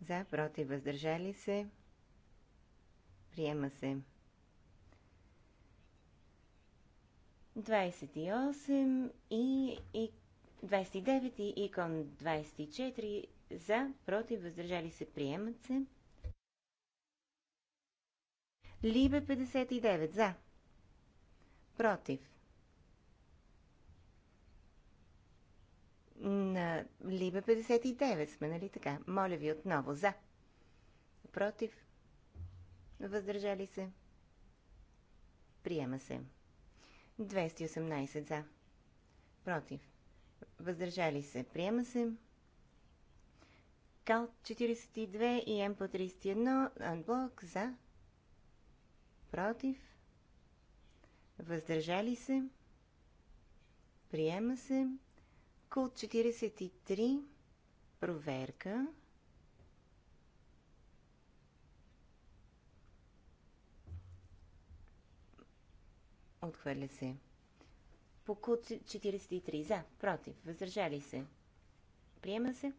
За, против, въздържали се. Приема се. 28 и, и 29 и икон 24 за, против, въздържали се, приемат се. Либе 59 за, против, на Либе 59 сме, нали така? Моля ви отново за. Против. Въздържали се. Приема се. 218 за. Против. Въздържали се. Приема се. Кал 42 и МП 31. Анблок за. Против. Въздържали се. Приема се. Култ 43. Проверка. Отхвърля се. По култ 43. За. Против. Въздържали се. Приема се.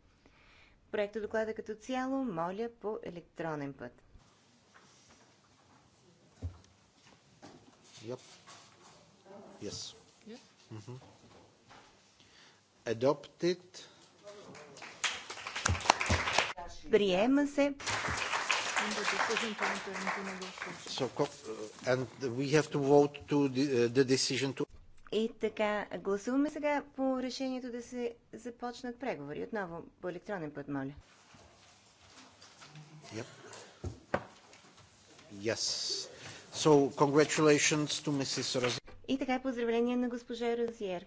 Проекта доклада като цяло моля по електронен път. Yep. Yes. Yep. Mm-hmm. Adopted. Приема се. So, and we have to vote to uh, the decision to... И така, гласуваме сега по решението да се започнат преговори. Отново по електронен път, моля. Yep. Yes. So, congratulations to Mrs. Rozier. И така, поздравления на госпожа Розиер.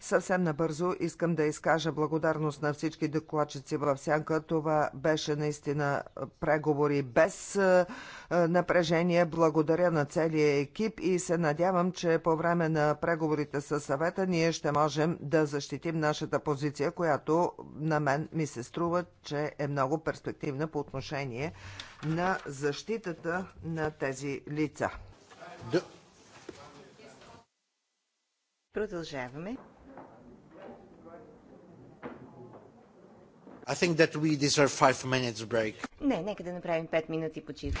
Съвсем набързо искам да изкажа благодарност на всички докладчици в Сянка. Това беше наистина преговори без е, е, напрежение. Благодаря на целия екип и се надявам, че по време на преговорите с съвета ние ще можем да защитим нашата позиция, която на мен ми се струва, че е много перспективна по отношение на защитата на тези лица. Продължаваме. I think that we deserve five minutes break. Не, нека да направим 5 минути почивка.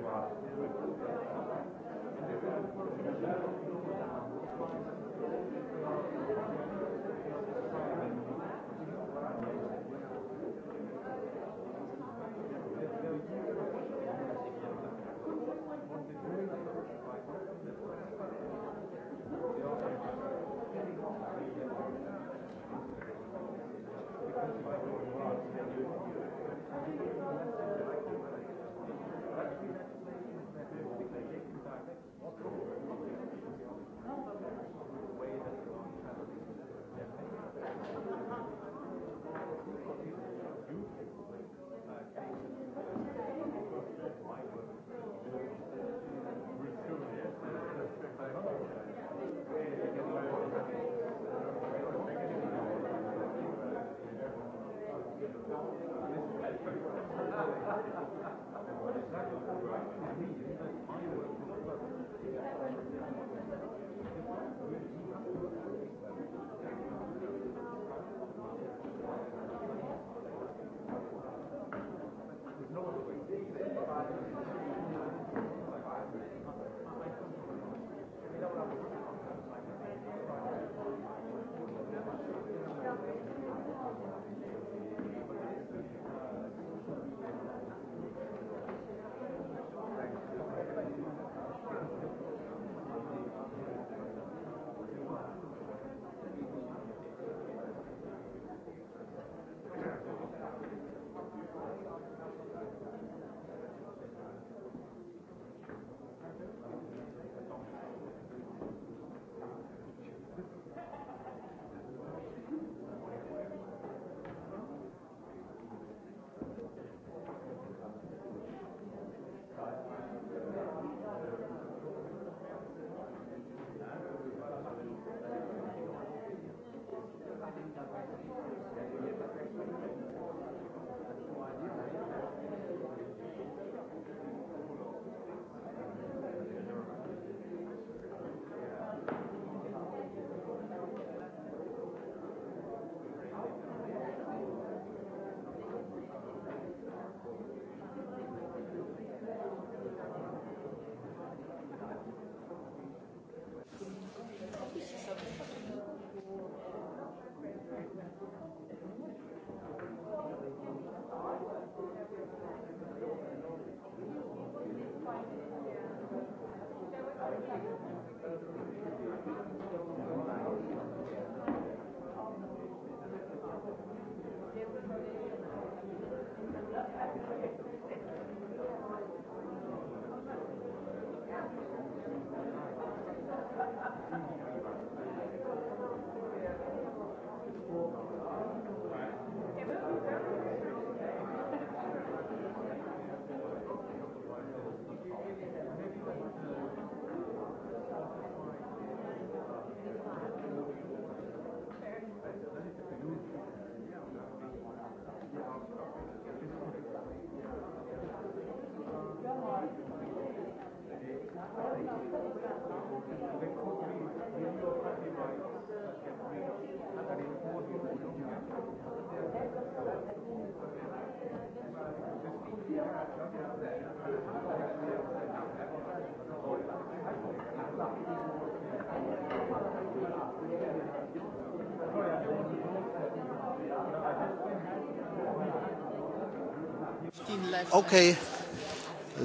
Okay.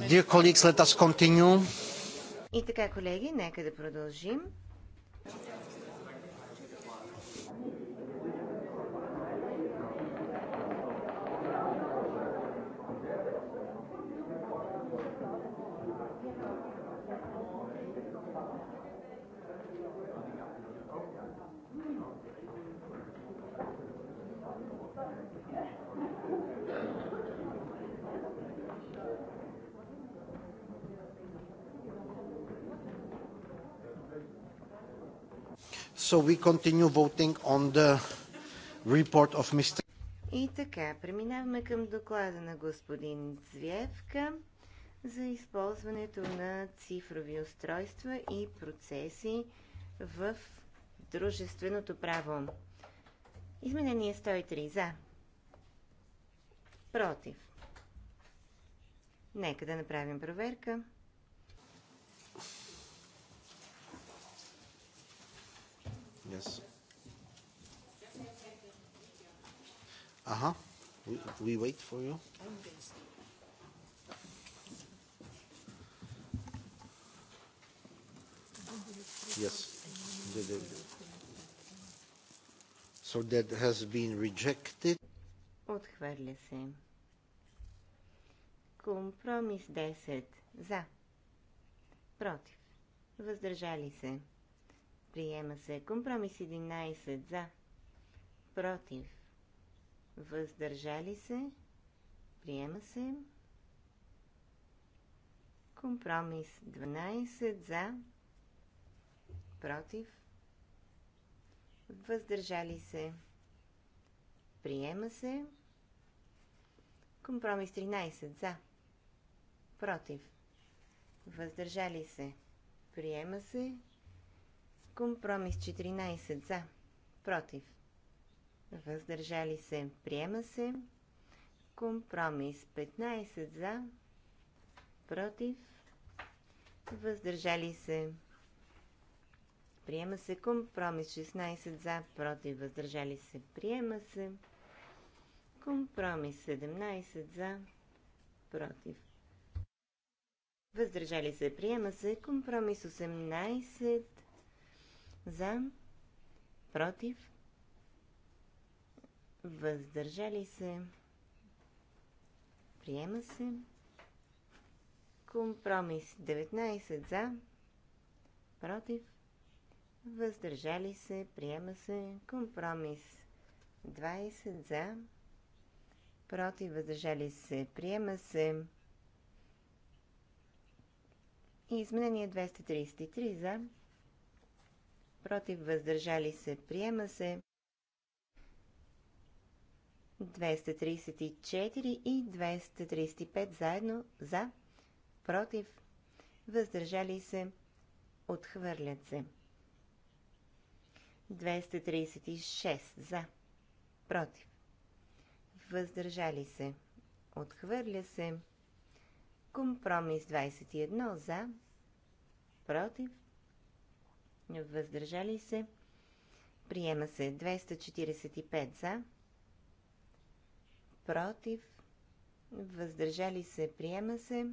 Dear colleagues, let us continue. И така, колеги, нека да продължим. So we continue voting on the report of Mr. И така, преминаваме към доклада на господин Цвевка за използването на цифрови устройства и процеси в дружественото право. Изменение 103 за. Против. Нека да направим проверка. Yes. Uh huh. We, we wait for you. Yes. so that has been rejected. Отхвърля се. Компромис 10. За. Против. Въздържали се. Приема се. Компромис 11 за. Против. Въздържали се. Приема се. Компромис 12 за. Против. Въздържали се. Приема се. Компромис 13 за. Против. Въздържали се. Приема се. Компромис 14 за. Против. Въздържали се. Приема се. Компромис 15 за. Против. Въздържали се. Приема се. Компромис 16 за. Против. Въздържали се. Приема се. Компромис 17 за. Против. Въздържали се. Приема се. Компромис 18 за, против, въздържали се, приема се, компромис 19 за, против, въздържали се, приема се, компромис 20 за, против, въздържали се, приема се, и изменение 233 за, против, въздържали се, приема се. 234 и 235 заедно за, против, въздържали се, отхвърлят се. 236 за, против, въздържали се, отхвърля се. Компромис 21 за, против, въздържали се, приема се 245 за, против, въздържали се, приема се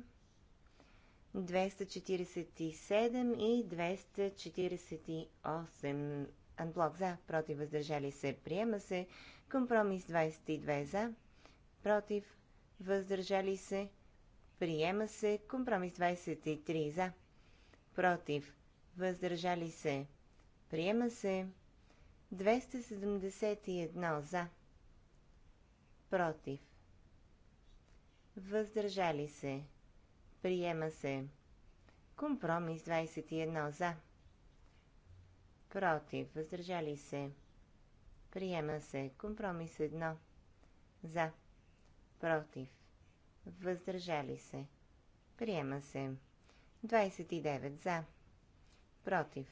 247 и 248 анблок за, против, въздържали се, приема се компромис 22 за, против, въздържали се, приема се компромис 23 за, против, въздържали се, приема се. 271 за, против, въздържали се, приема се. Компромис 21 за, против, въздържали се, приема се. Компромис 1 за, против, въздържали се, приема се. 29 за против,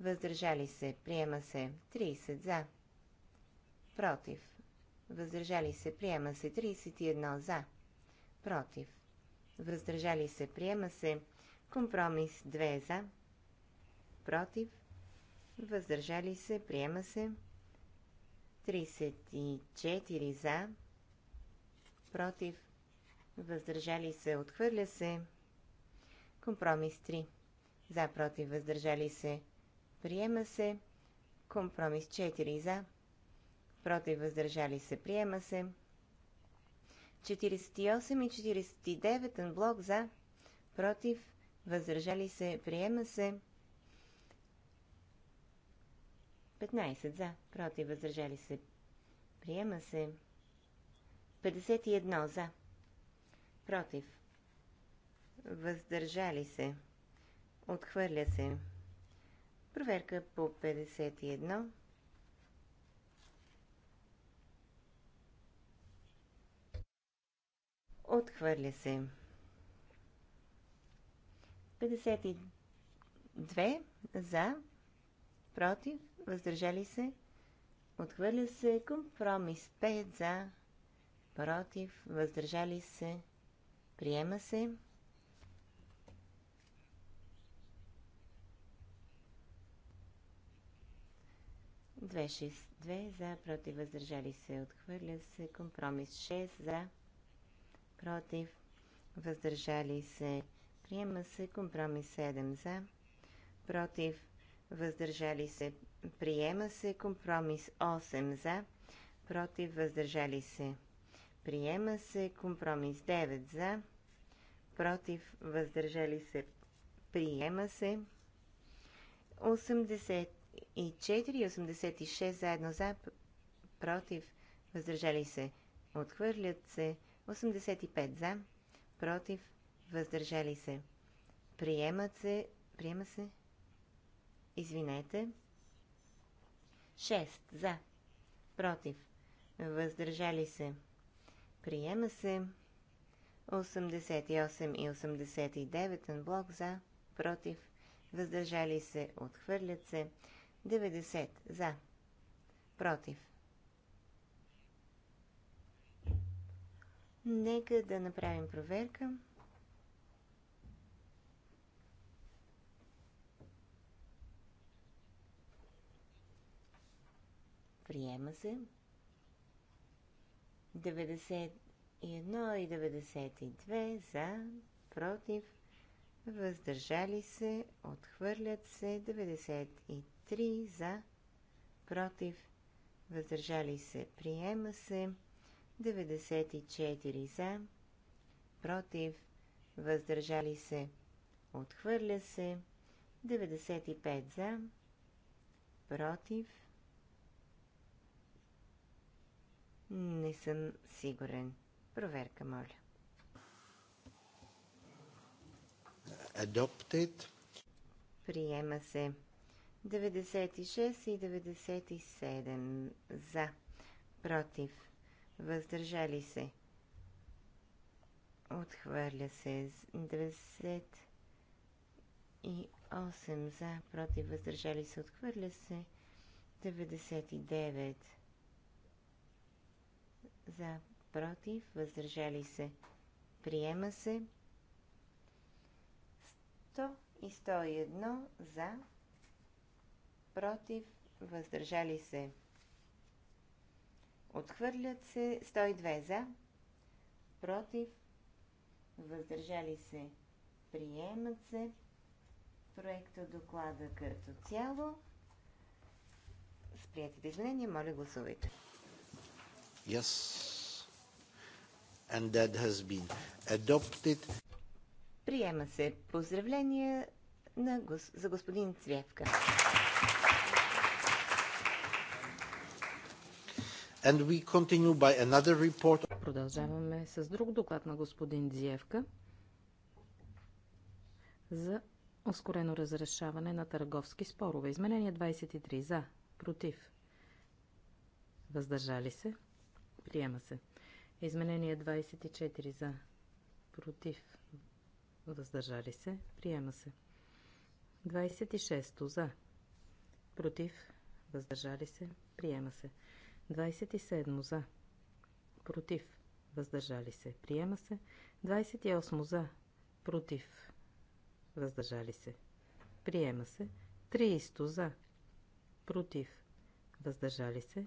въздържали се, приема се 30 за, против, въздържали се, приема се 31 за, против, въздържали се, приема се компромис 2 за, против, въздържали се, приема се 34 за, против, въздържали се, отхвърля се, компромис 3 за, против, въздържали се, приема се. Компромис 4 за, против, въздържали се, приема се. 48 и 49 анблок за, против, въздържали се, приема се. 15 за, против, въздържали се, приема се. 51 за, против, въздържали се. Отхвърля се. Проверка по 51. Отхвърля се. 52 за, против, въздържали се. Отхвърля се компромис 5 за, против, въздържали се. Приема се. 262 за, против, въздържали се, отхвърля се. Компромис 6 за, против, въздържали се, приема се. Компромис 7 за, против, въздържали се, приема се. Компромис 8 за, против, въздържали се, приема се. Компромис 9 за, против, въздържали се, приема се. 80 и 86 заедно за, против, въздържали се, отхвърлят се 85 за, против, въздържали се. Приемат се, приема се, извинете, 6 за, против, въздържали се. Приема се 88 и 89 блок за, против, въздържали се, отхвърлят се. 90 за. Против. Нека да направим проверка. Приема се. 91 и 92 за, против, въздържали се, отхвърлят се 93 3 за, против, въздържали се, приема се. 94 за, против, въздържали се, отхвърля се. 95 за, против. Не съм сигурен. Проверка, моля. Adopted. Приема се. 96 и 97 за, против, въздържали се. Отхвърля се 98 за, против, въздържали се. Отхвърля се 99 за, против, въздържали се. Приема се 100 и 101 за, против, въздържали се. Отхвърлят се 102 за, против, въздържали се, приемат се проекта доклада като цяло. С приятите изменения, моля гласувайте. Yes. And that has been adopted. Приема се поздравления на гос... за господин Цвявка. And we continue by another report. Продължаваме с друг доклад на господин Дзиевка за ускорено разрешаване на търговски спорове. Изменение 23 за, против, въздържали се, приема се. Изменение 24 за, против, въздържали се, приема се. 26 за, против, въздържали се, приема се. 27 за. Против. Въздържали се. Приема се. 28 за. Против. Въздържали се. Приема се. 30 за. Против. Въздържали се.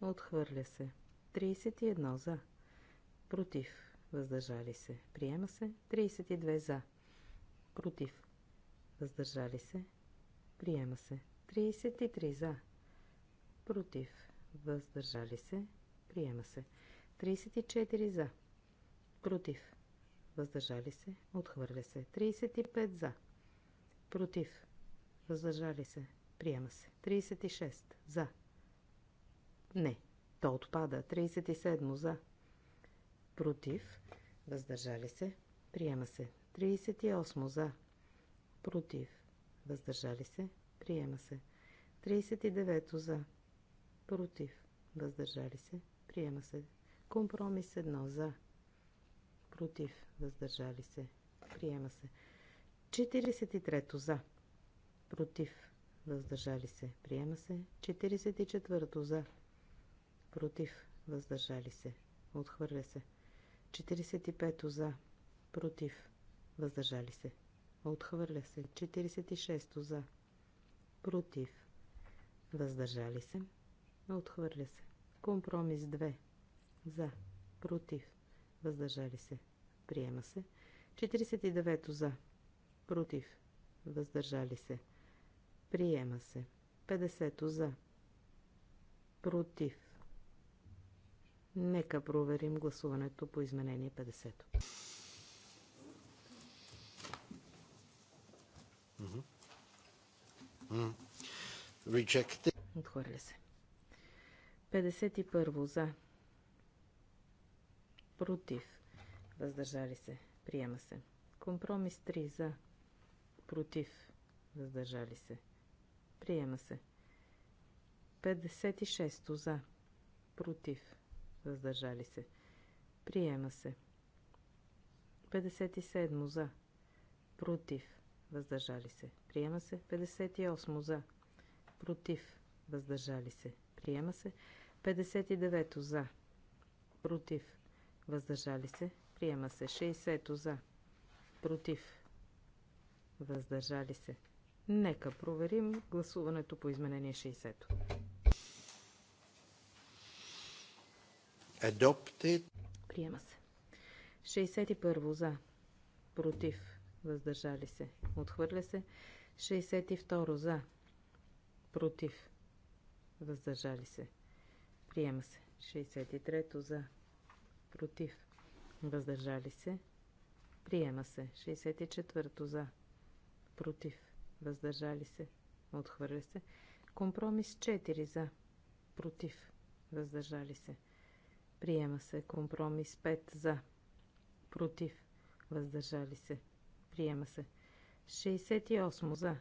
Отхвърля се. 31 за. Против. Въздържали се. Приема се. 32 за. Против. Въздържали се. Приема се. 33 за. Против въздържали се, приема се. 34 за, против, въздържали се, отхвърля се. 35 за, против, въздържали се, приема се. 36 за, не, то отпада. 37 за, против, въздържали се, приема се. 38 за, против, въздържали се, приема се. 39 за, против, въздържали се, приема се. Компромис 1 за, против, въздържали се, приема се. 43 то за, против, въздържали се, приема се. 44 за, против, въздържали се, отхвърля се. 45 за, против, въздържали се, отхвърля се. 46 за, против, въздържали се, Отхвърля се. Компромис 2. За. Против. Въздържали се. Приема се. 49 за. Против. Въздържали се. Приема се. 50 за. Против. Нека проверим гласуването по изменение 50. Rejected. Отхвърля се. 51 за. Против. Въздържали се. Приема се. Компромис 3 за. Против. Въздържали се. Приема се. 56 за. Против. Въздържали се. Приема се. 57 за. Против. Въздържали се. Приема се. 58 за. Против. Въздържали се. Приема се. 59 за. Против. Въздържали се. Приема се. 60 за. Против. Въздържали се. Нека проверим гласуването по изменение 60. Adopted. Приема се. 61 за. Против. Въздържали се. Отхвърля се. 62 за. Против въздържали се. Приема се. 63 за, против, въздържали се. Приема се. 64 за, против, въздържали се. Отхвърля се. Компромис 4 за, против, въздържали се. Приема се. Компромис 5 за, против, въздържали се. Приема се. 68 за,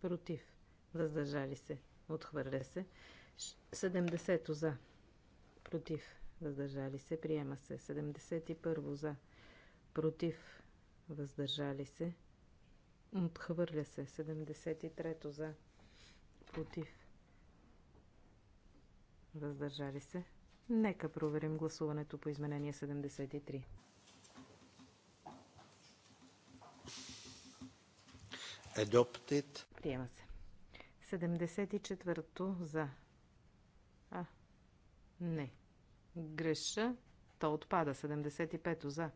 против, въздържали се. Отхвърля се. 70 за. Против. Въздържали се. Приема се. 71 за. Против. Въздържали се. Отхвърля се. 73 за. Против. Въздържали се. Нека проверим гласуването по изменение 73. Adopted. Приема се. 74-то за. А, не. Греша, то отпада. 75-то за.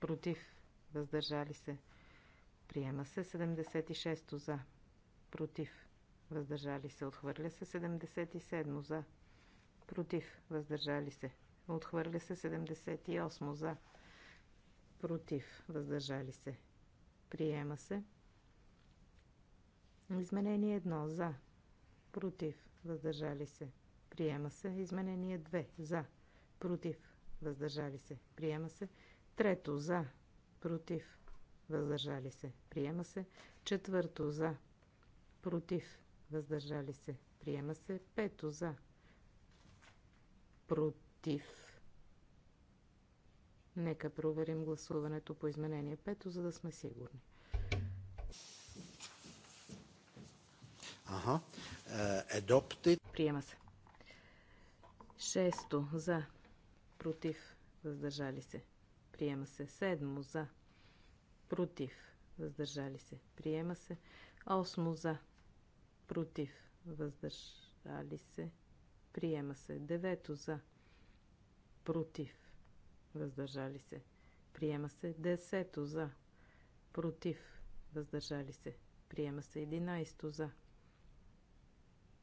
Против. Въздържали се. Приема се 76-то за. Против. Въздържали се. Отхвърля се 77-то за. Против. Въздържали се. Отхвърля се 78 за. Против. Въздържали се. Приема се Изменение 1. За. Против. Въздържали се. Приема се. Изменение 2. За. Против. Въздържали се. Приема се. Трето. За. Против. Въздържали се. Приема се. Четвърто. За. Против. Въздържали се. Приема се. Пето. За. Против. Нека проверим гласуването по изменение 5, за да сме сигурни. Ага. Adopted. Е, Приема се. Шесто за. Против. Въздържали се. Приема се. Седмо за. Против. Въздържали се. Приема се. Осмо за. Против. Въздържали се. Приема се. Девето за. Против. Въздържали се. Приема се. Десето за. Против. Въздържали се. Приема се. Единайсто за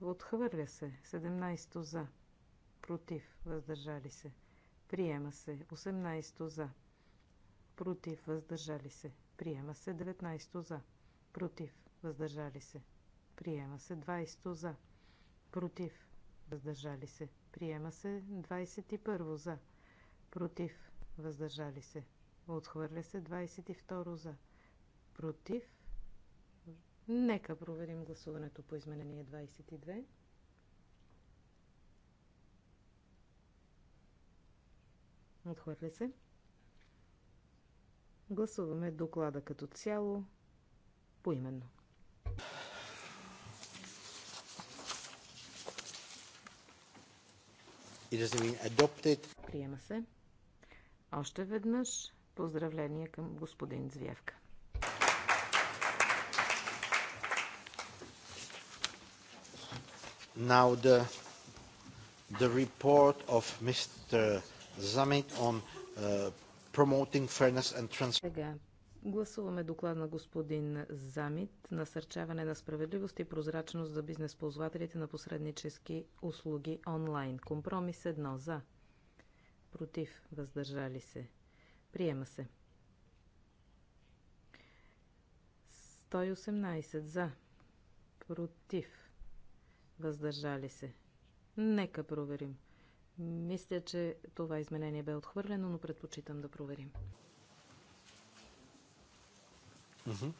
Отхвърля се. 17 за. Против. Въздържали се. Приема се. 18 за. Против. Въздържали се. Приема се. 19 за. Против. Въздържали се. Приема се. 20 за. Против. Въздържали се. Приема се. 21 за. Против. Въздържали се. Отхвърля се. 22 за. Против. Нека проверим гласуването по изменение 22. Отхвърля се. Гласуваме доклада като цяло поименно. Приема се. Още веднъж поздравление към господин Звявка. Now the, the report of Mr. Zamit on uh, promoting fairness and transparency. Гласуваме доклад на господин Замит насърчаване на справедливост и прозрачност за бизнес ползвателите на посреднически услуги онлайн. Компромис едно за. Против. Въздържали се. Приема се. 118 за. Против въздържали се. Нека проверим. Мисля, че това изменение бе отхвърлено, но предпочитам да проверим. Mm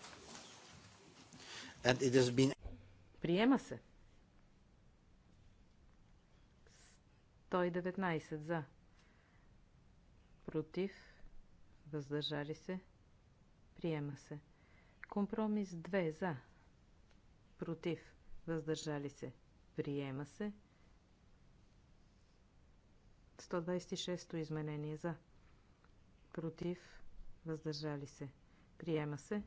-hmm. been... Приема се. 119 за. Против. Въздържали се. Приема се. Компромис 2 за. Против. Въздържали се. Приема се. 126-то изменение за. Против. Въздържали се. Приема се.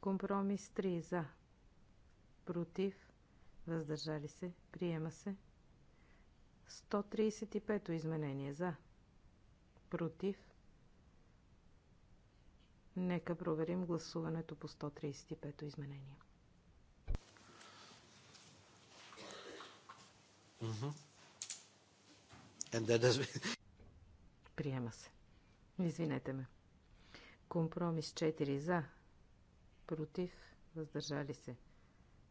Компромис 3 за. Против. Въздържали се. Приема се. 135-то изменение за. Против. Нека проверим гласуването по 135-то изменение. Приема се. Извинете ме. Компромис 4 за. Против. Въздържали се.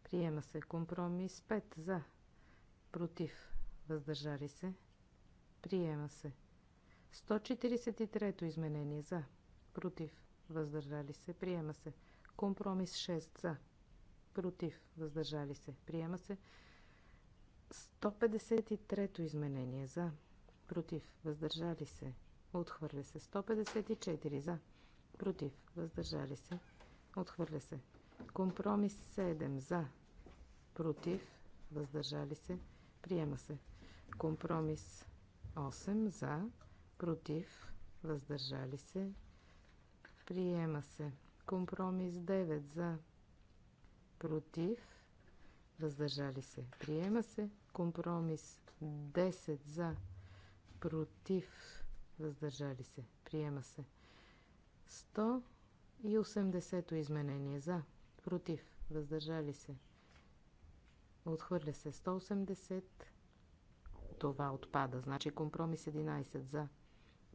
Приема се. Компромис 5 за. Против. Въздържали се. Приема се. 143-то изменение за. Против. Въздържали се. Приема се. Компромис 6 за. Против. Въздържали се. Приема се. 153-то изменение за. Против. Въздържали се. Отхвърля се. 154 за. Против. Въздържали се. Отхвърля се. Компромис 7 за. Против. Въздържали се. Приема се. Компромис 8 за. Против. Въздържали се. Приема се. Компромис 9 за. Против въздържали се, приема се. Компромис 10 за, против, въздържали се, приема се. 180-то изменение за, против, въздържали се, отхвърля се 180, това отпада. Значи компромис 11 за,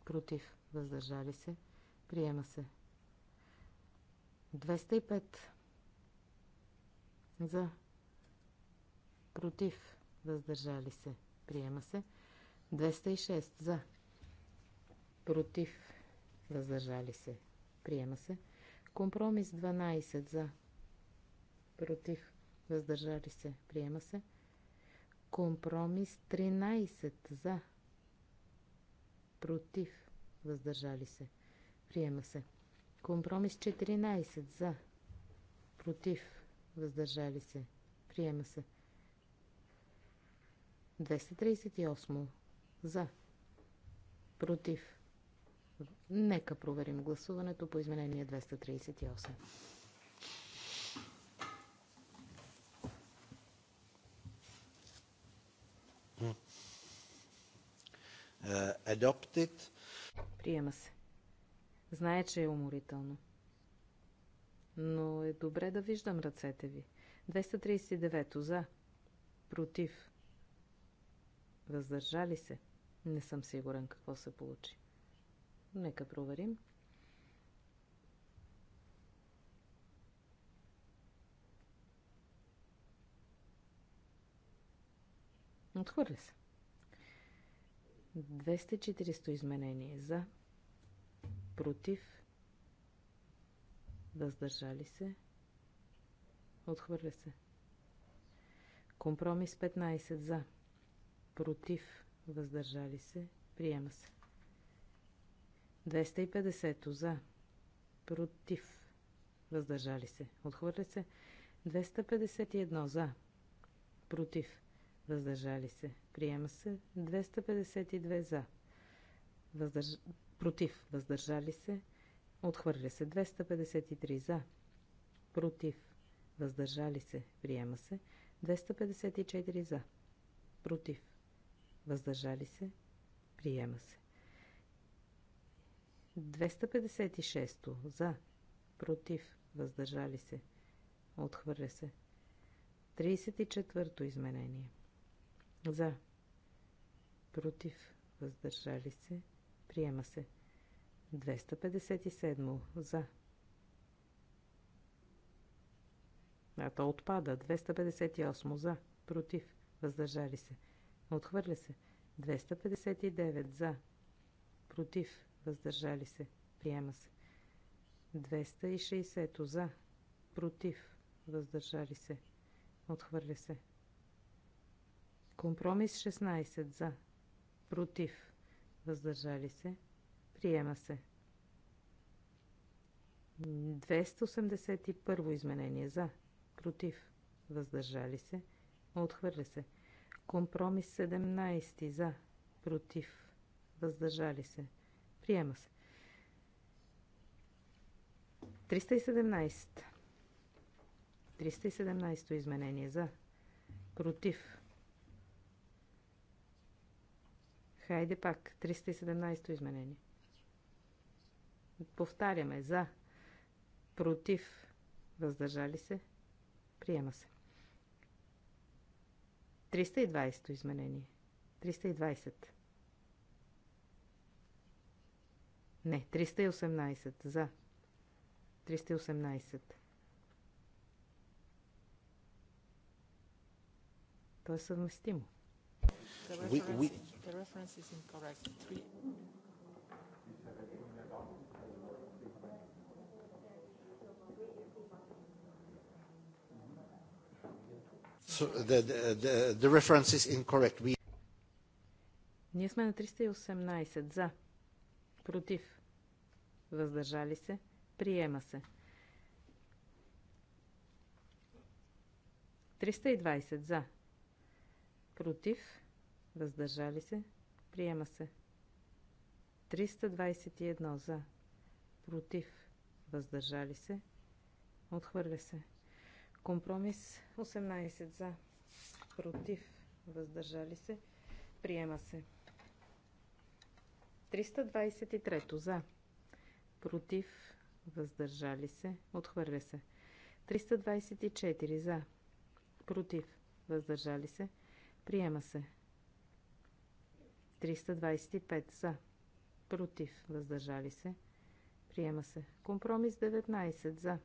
против, въздържали се, приема се. 205 за, против, въздържали се, приема се. 206 за, против, въздържали се, приема се. Компромис 12 за, против, въздържали се, приема се. Компромис 13 за, против, въздържали се, приема се. Компромис 14 за, против, въздържали се, приема се. 238. За. Против. Нека проверим гласуването по изменение 238. Adopted. Приема се. Знае, че е уморително. Но е добре да виждам ръцете ви. 239 за. Против. Въздържали се? Не съм сигурен какво се получи. Нека проверим. Отхвърля се. 240 изменение за, против, въздържали се, отхвърля се. Компромис 15 за, против, въздържали се, приема се. 250 за, против, въздържали се, отхвърля се. 251 за, против, въздържали се, приема се. 252 за, въздърж... против, въздържали се, отхвърля се. 253 за, против, въздържали се, приема се. 254 за, против, въздържали се, приема се. 256 за, против, въздържали се, отхвърля се. 34 изменение. За, против, въздържали се, приема се. 257 за. А то отпада. 258 за, против, въздържали се. Отхвърля се. 259 за. Против. Въздържали се. Приема се. 260 за. Против. Въздържали се. Отхвърля се. Компромис 16 за. Против. Въздържали се. Приема се. 281 изменение за. Против. Въздържали се. Отхвърля се. 282 Компромис 17 за, против, въздържали се. Приема се. 317. 317 изменение за, против. Хайде пак. 317 изменение. Повтаряме за, против, въздържали се. Приема се. 320 изменение. 320. Не, 318. За. 318. То е съвместимо. We, we... so the, the, the reference is incorrect. We... Ние сме на 318 за, против, въздържали се, приема се. 320 за, против, въздържали се, приема се. 321 за, против, въздържали се, отхвърля се. 322 Компромис 18 за. Против. Въздържали се. Приема се. 323 за. Против. Въздържали се. Отхвърля се. 324 за. Против. Въздържали се. Приема се. 325 за. Против. Въздържали се. Приема се. Компромис 19 за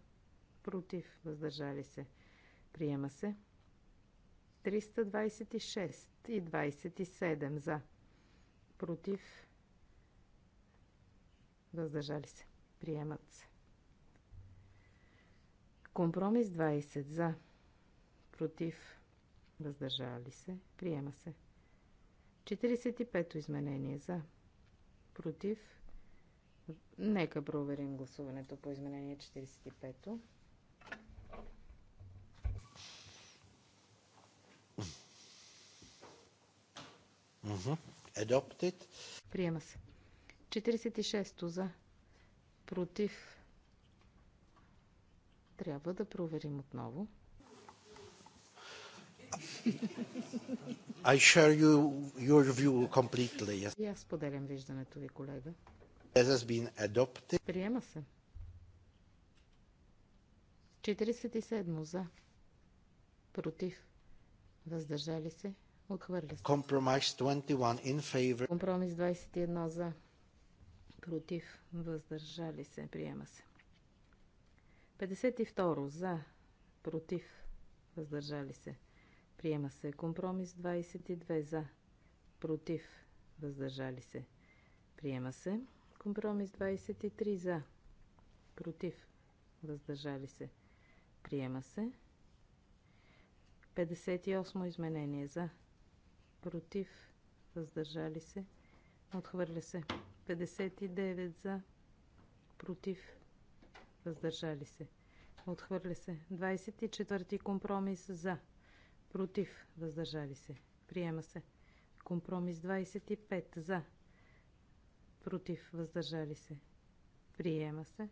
против, въздържали се, приема се. 326 и 27 за, против, въздържали се, приемат се. Компромис 20 за, против, въздържали се, приема се. 45-то изменение за, против, нека проверим гласуването по изменение 45-то. Adopted. Приема се. 46-то за. Против. Трябва да проверим отново. I share you, your view completely. Yes. И аз поделям виждането ви, колега. has been adopted. Приема се. 47 за. Против. Въздържали се. Отхвърля се. Компромис 21 in favor. Компромис 21 за. Против. Въздържали се. Приема се. 52 за. Против. Въздържали се. Приема се. Компромис 22 за. Против. Въздържали се. Приема се. Компромис 23 за. Против. Въздържали се. Приема се. 58 изменение за против, въздържали се, отхвърля се. 59 за, против, въздържали се, отхвърля се. 24 компромис за, против, въздържали се, приема се. Компромис 25 за, против, въздържали се, приема се.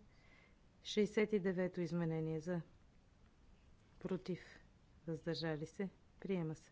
69 изменение за, против, въздържали се, приема се.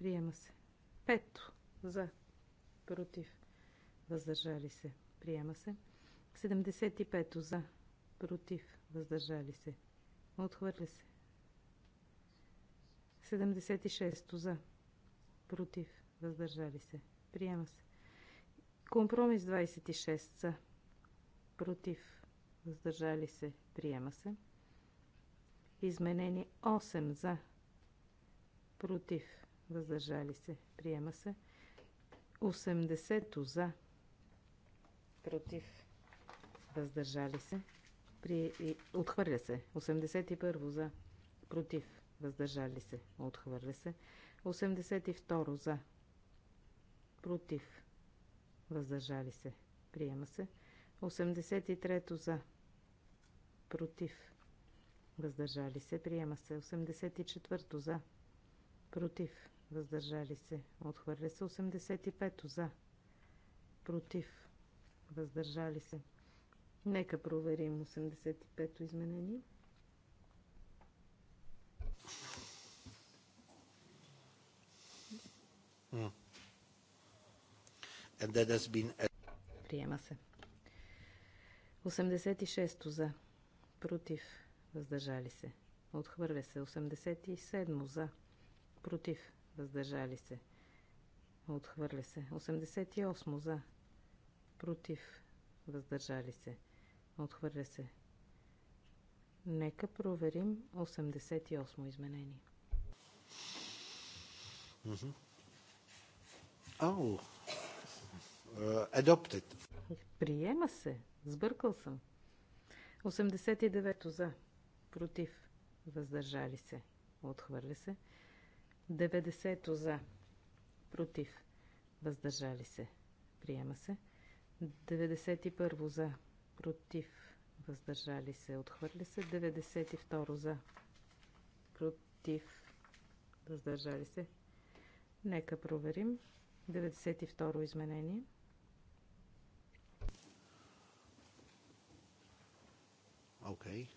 Приема се. Пето. За. Против. Въздържали се. Приема се. 75 за. Против. Въздържали се. Отхвърля се. 76 за. Против. Въздържали се. Приема се. Компромис 26 за. Против. Въздържали се. Приема се. Изменение 8 за. Против въздържали се, приема се. 80 за, против, въздържали се, при... отхвърля се. 81 за, против, въздържали се, отхвърля се. 82 за, против, въздържали се, приема се. 83 за, против, въздържали се, приема се. 84 за, против, въздържали се, отхвърля се 85 за, против, въздържали се. Нека проверим 85-то изменение. Been... Приема се. 86-то за, против, въздържали се. Отхвърля се. 87 за, против, въздържали се. Отхвърля се. 88 за. Против. Въздържали се. Отхвърля се. Нека проверим 88 изменение. Mm-hmm. Oh. Uh, Приема се. Сбъркал съм. 89 за. Против. Въздържали се. Отхвърля се. 90 за. Против. Въздържали се. Приема се. 91 за. Против. Въздържали се. Отхвърля се. 92 за. Против. Въздържали се. Нека проверим. 92 изменение. Okay.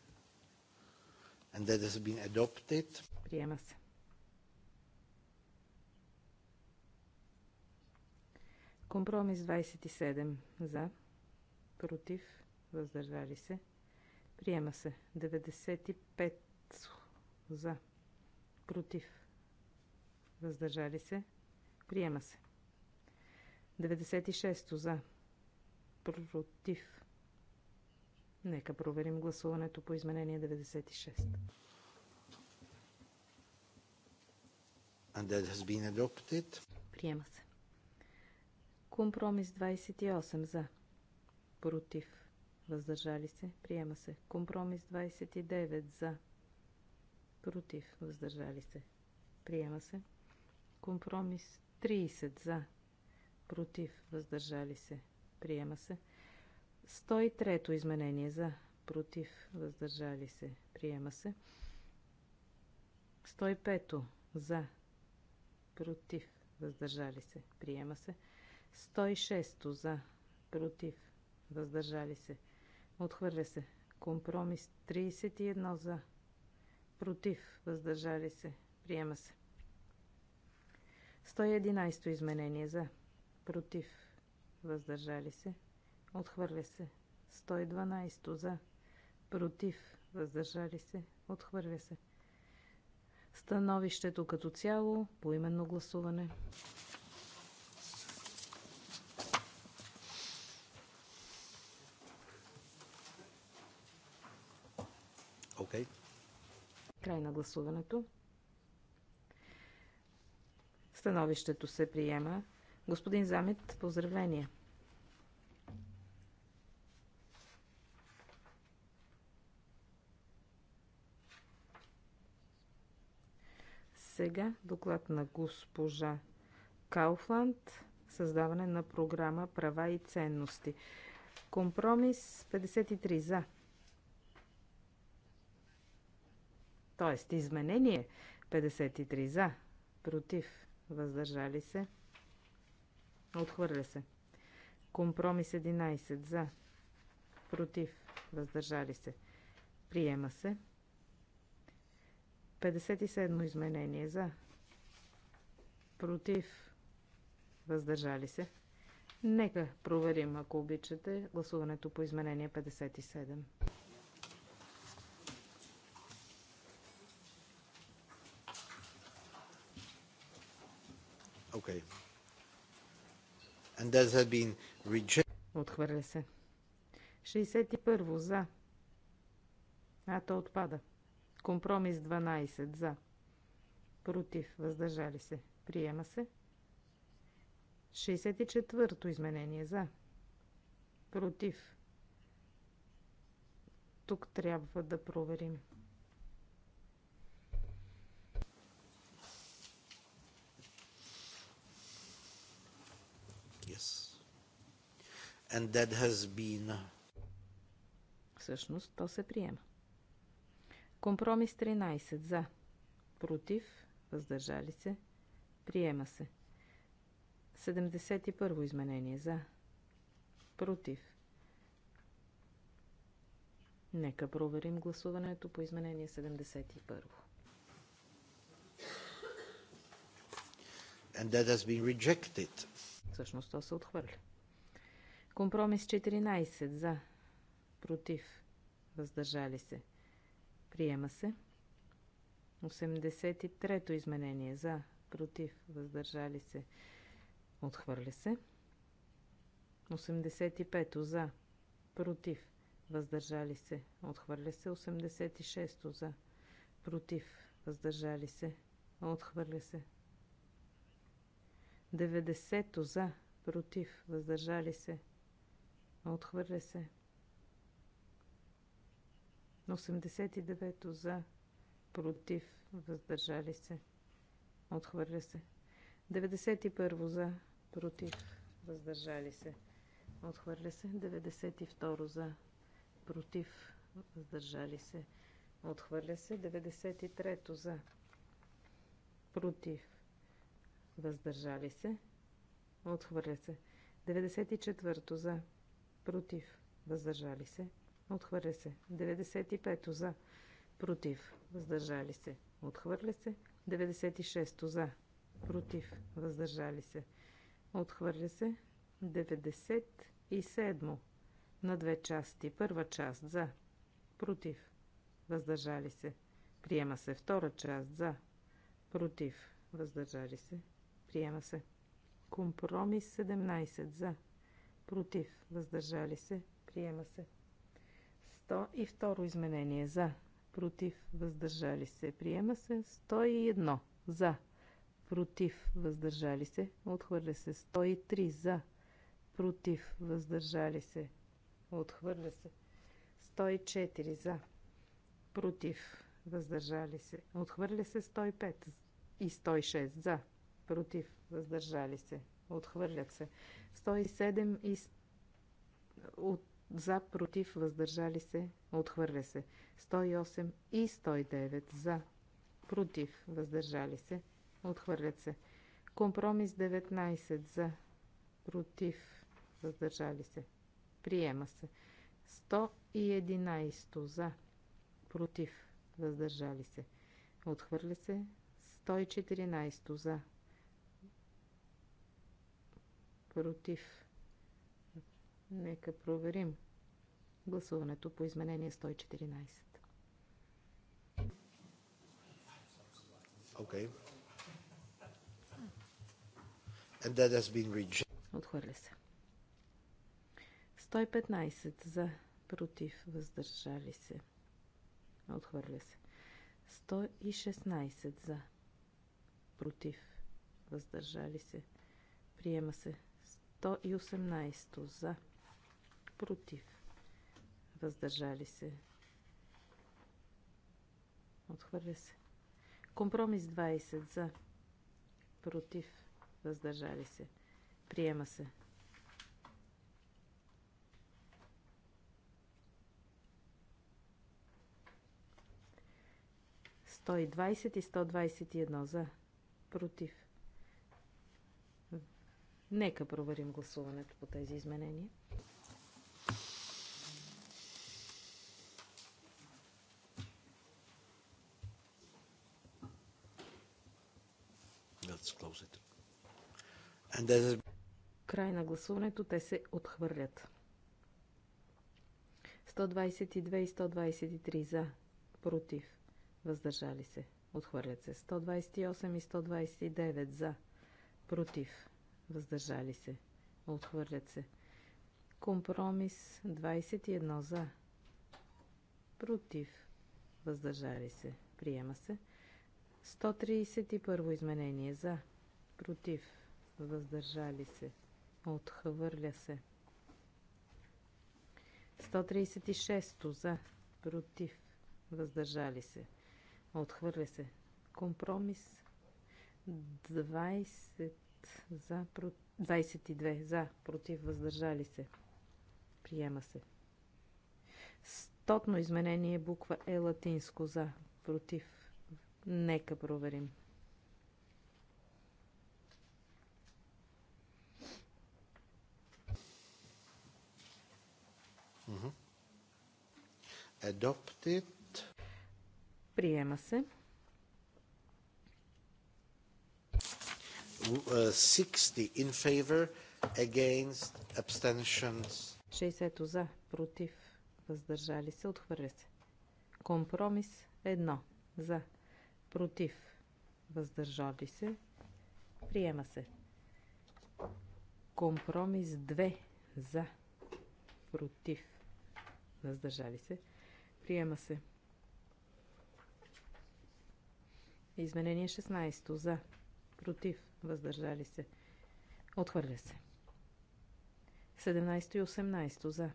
And that has been adopted. Приема се. Компромис 27 за, против, въздържали се. Приема се 95 за, против, въздържали се. Приема се 96 за, против. Нека проверим гласуването по изменение 96. And that has been adopted. Приема се. Компромис 28 за. Против. Въздържали се. Приема се. Компромис 29 за. Против. Въздържали се. Приема се. Компромис 30 за. Против. Въздържали се. Приема се. 103-то изменение за. Против. Въздържали се. Приема се. 105-то за. Против. Въздържали се. Приема се. 106 за, против, въздържали се, отхвърля се. Компромис 31 за, против, въздържали се, приема се. 111 изменение за, против, въздържали се, отхвърля се. 112 за, против, въздържали се, отхвърля се. Становището като цяло, по именно гласуване. Край на гласуването. Становището се приема. Господин Замет, поздравления. Сега доклад на госпожа Кауфланд. Създаване на програма Права и ценности. Компромис 53 за. Т.е. изменение 53 за, против, въздържали се, отхвърля се. Компромис 11 за, против, въздържали се, приема се. 57 изменение за, против, въздържали се. Нека проверим, ако обичате, гласуването по изменение 57. Okay. Е. And that been Отхвърля се. 61 за. А то отпада. Компромис 12 за. Против. Въздържали се. Приема се. 64-то изменение за. Против. Тук трябва да проверим. And that has been... Всъщност, то се приема. Компромис 13. За. Против. Въздържали се. Приема се. 71 изменение. За. Против. Нека проверим гласуването по изменение 71. And that has been rejected. Всъщност то се отхвърля. Компромис 14 за, против, въздържали се, приема се. 83-то изменение за, против, въздържали се, отхвърля се. 85-то за, против, въздържали се, отхвърля се. 86-то за, против, въздържали се, отхвърля се. 90-то за, против, въздържали се, Отхвърля се. 89 то за. Против. Въздържали се. Отхвърля се. 91 за. Против. Въздържали се. Отхвърля се. 92 за. Против. Въздържали се. Отхвърля се. 93 за. Против. Въздържали се. Отхвърля се. 94 за против, въздържали се, отхвърля се. 95 за, против, въздържали се, отхвърля се. 96 за, против, въздържали се, отхвърля се. 97 на две части. Първа част за, против, въздържали се. Приема се втора част за, против, въздържали се. Приема се. Компромис 17 за, против, въздържали се, приема се. 102 изменение за, против, въздържали се, приема се. 101 за, против, въздържали се, отхвърля се. 103 за, против, въздържали се, отхвърля се. 104 за, против, въздържали се, отхвърля се. 105 и 106 за, против, въздържали се, отхвърлят се. 107 и от, за, против, въздържали се, отхвърля се. 108 и 109 за, против, въздържали се, отхвърлят се. Компромис 19 за, против, въздържали се, приема се. 111 за, против, въздържали се, отхвърля се. 114 за, против. Нека проверим гласуването по изменение 114. Okay. And that has been Отхвърля се. 115 за против въздържали се. Отхвърля се. 116 за против въздържали се. Приема се. 118 за, против, въздържали се. Отхвърля се. Компромис 20 за, против, въздържали се. Приема се. 120 и 121 за, против, Нека проверим гласуването по тези изменения. Край на гласуването те се отхвърлят. 122 и 123 за, против, въздържали се, отхвърлят се. 128 и 129 за, против, въздържали се, отхвърлят се. Компромис 21 за, против, въздържали се, приема се. 131 изменение за, против, въздържали се, отхвърля се. 136 за, против, въздържали се, отхвърля се. Компромис 20 за, 22 за, против, въздържали се. Приема се. Стотно изменение буква е латинско за, против. Нека проверим. Adopted. Приема се. 60 uh, in favor, against, abstentions. 60 за, против, въздържали се, отхвърля се. Компромис 1 за, против, въздържали се, приема се. Компромис 2 за, против, въздържали се, приема се. Изменение 16 за, против, въздържали се. Отхвърля се. 17 и 18 за.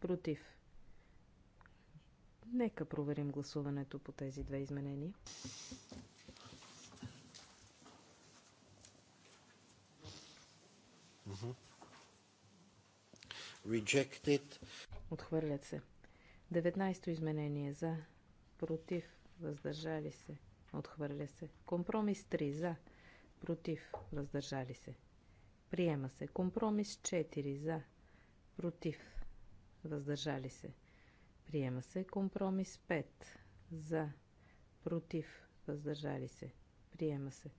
Против. Нека проверим гласуването по тези две изменения. Rejected. Отхвърлят се. 19 то изменение за. Против. Въздържали се. Отхвърля се. Компромис 3 за против, въздържали се. Приема се. Компромис 4 за, против, въздържали се. Приема се. Компромис 5 за, против, въздържали се. Приема се.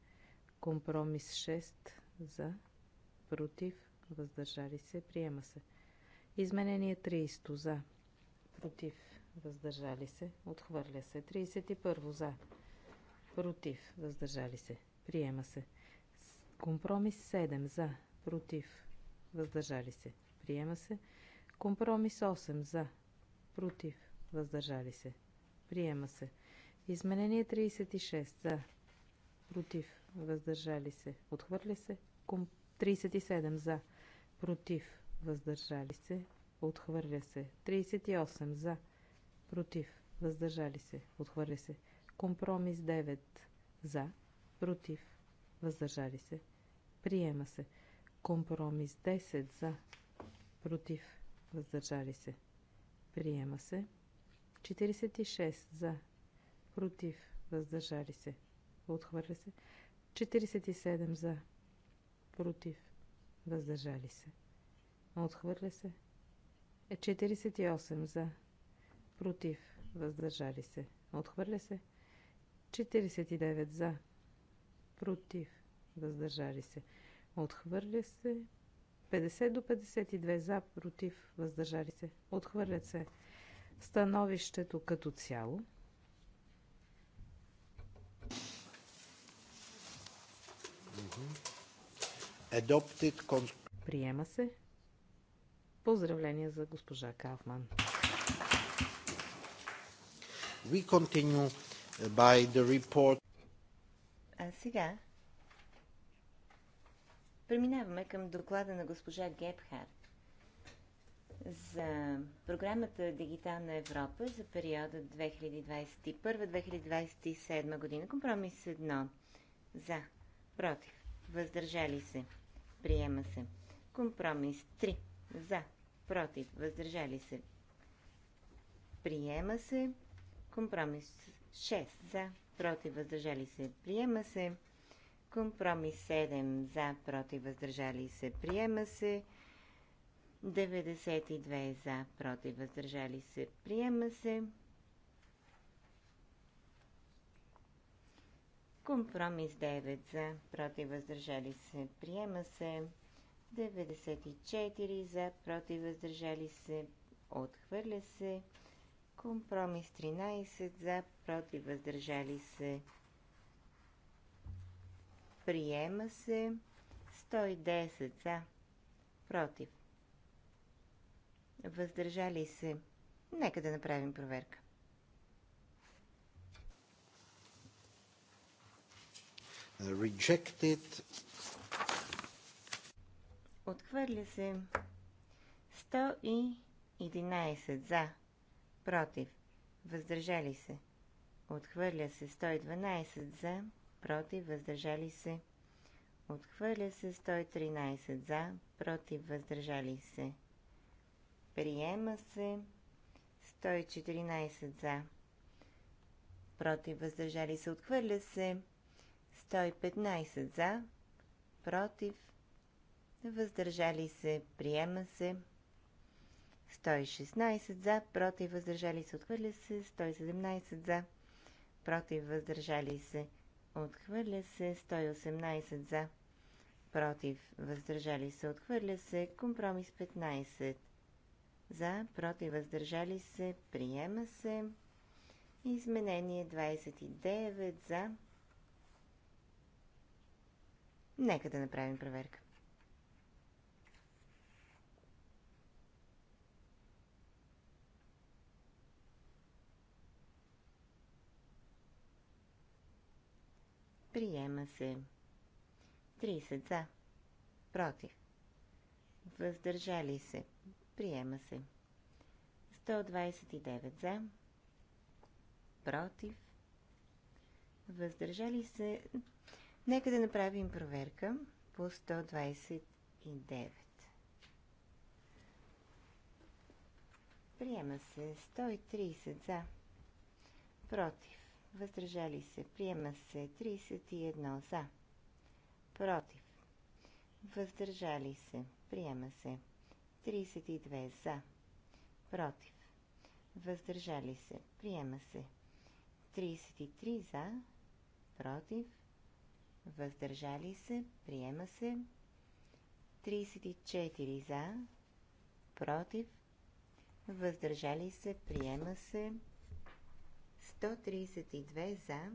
Компромис 6 за, против, въздържали се. Приема се. Изменение 30 за, против, въздържали се. Отхвърля се. 31 за, против, въздържали се. Приема се. Компромис 7 за. Против. Въздържали се. Приема се. Компромис 8 за. Против. Въздържали се. Приема се. Изменение 36 за. Против. Въздържали се. Отхвърля се. 37 за. Против. Въздържали се. Отхвърля се. 38 за. Против. Въздържали се. Отхвърля се. Компромис 9 за против, въздържали се, приема се. Компромис 10 за, против, въздържали се, приема се. 46 за, против, въздържали се, отхвърля се. 47 за, против, въздържали се, отхвърля се. 48 е, за, против, въздържали се, отхвърля се. 49 за, против, въздържали се. Отхвърля се. 50 до 52 за, против, въздържали се. Отхвърлят се. Становището като цяло. Adopted... Приема се. Поздравления за госпожа Кафман. We continue by the report. А сега преминаваме към доклада на госпожа Гебхард за програмата Дигитална Европа за периода 2021-2027 година. Компромис 1. За. Против. Въздържали се. Приема се. Компромис 3. За. Против. Въздържали се. Приема се. Компромис 6. За против, въздържали се, приема се. Компромис 7 за, против, въздържали се, приема се. 92 за, против, въздържали се, приема се. Компромис 9 за, против, въздържали се, приема се. 94 за, против, въздържали се, отхвърля се. Компромис 13 за, против, въздържали се. Приема се 110 за, против. Въздържали се. Нека да направим проверка. Uh, rejected. Отхвърля се 111 за, против, въздържали се. Отхвърля се 112 за, против, въздържали се. Отхвърля се 113 за, против, въздържали се. Приема се 114 за. Против, въздържали се. Отхвърля се 115 за, против, въздържали се. Приема се 116 за, против, въздържали се, отхвърля се. 117 за, против, въздържали се, отхвърля се. 118 за, против, въздържали се, отхвърля се. Компромис 15 за, против, въздържали се, приема се. Изменение 29 за. Нека да направим проверка. Приема се. 30 за. Против. Въздържали се. Приема се. 129 за. Против. Въздържали се. Нека да направим проверка по 129. Приема се 130 за. Против въздържали се, приема се 31 за, против, въздържали се, приема се 32 за, против, въздържали се, приема се 33 за, против, въздържали се, приема се 34 за, против, въздържали се, приема се 132 за.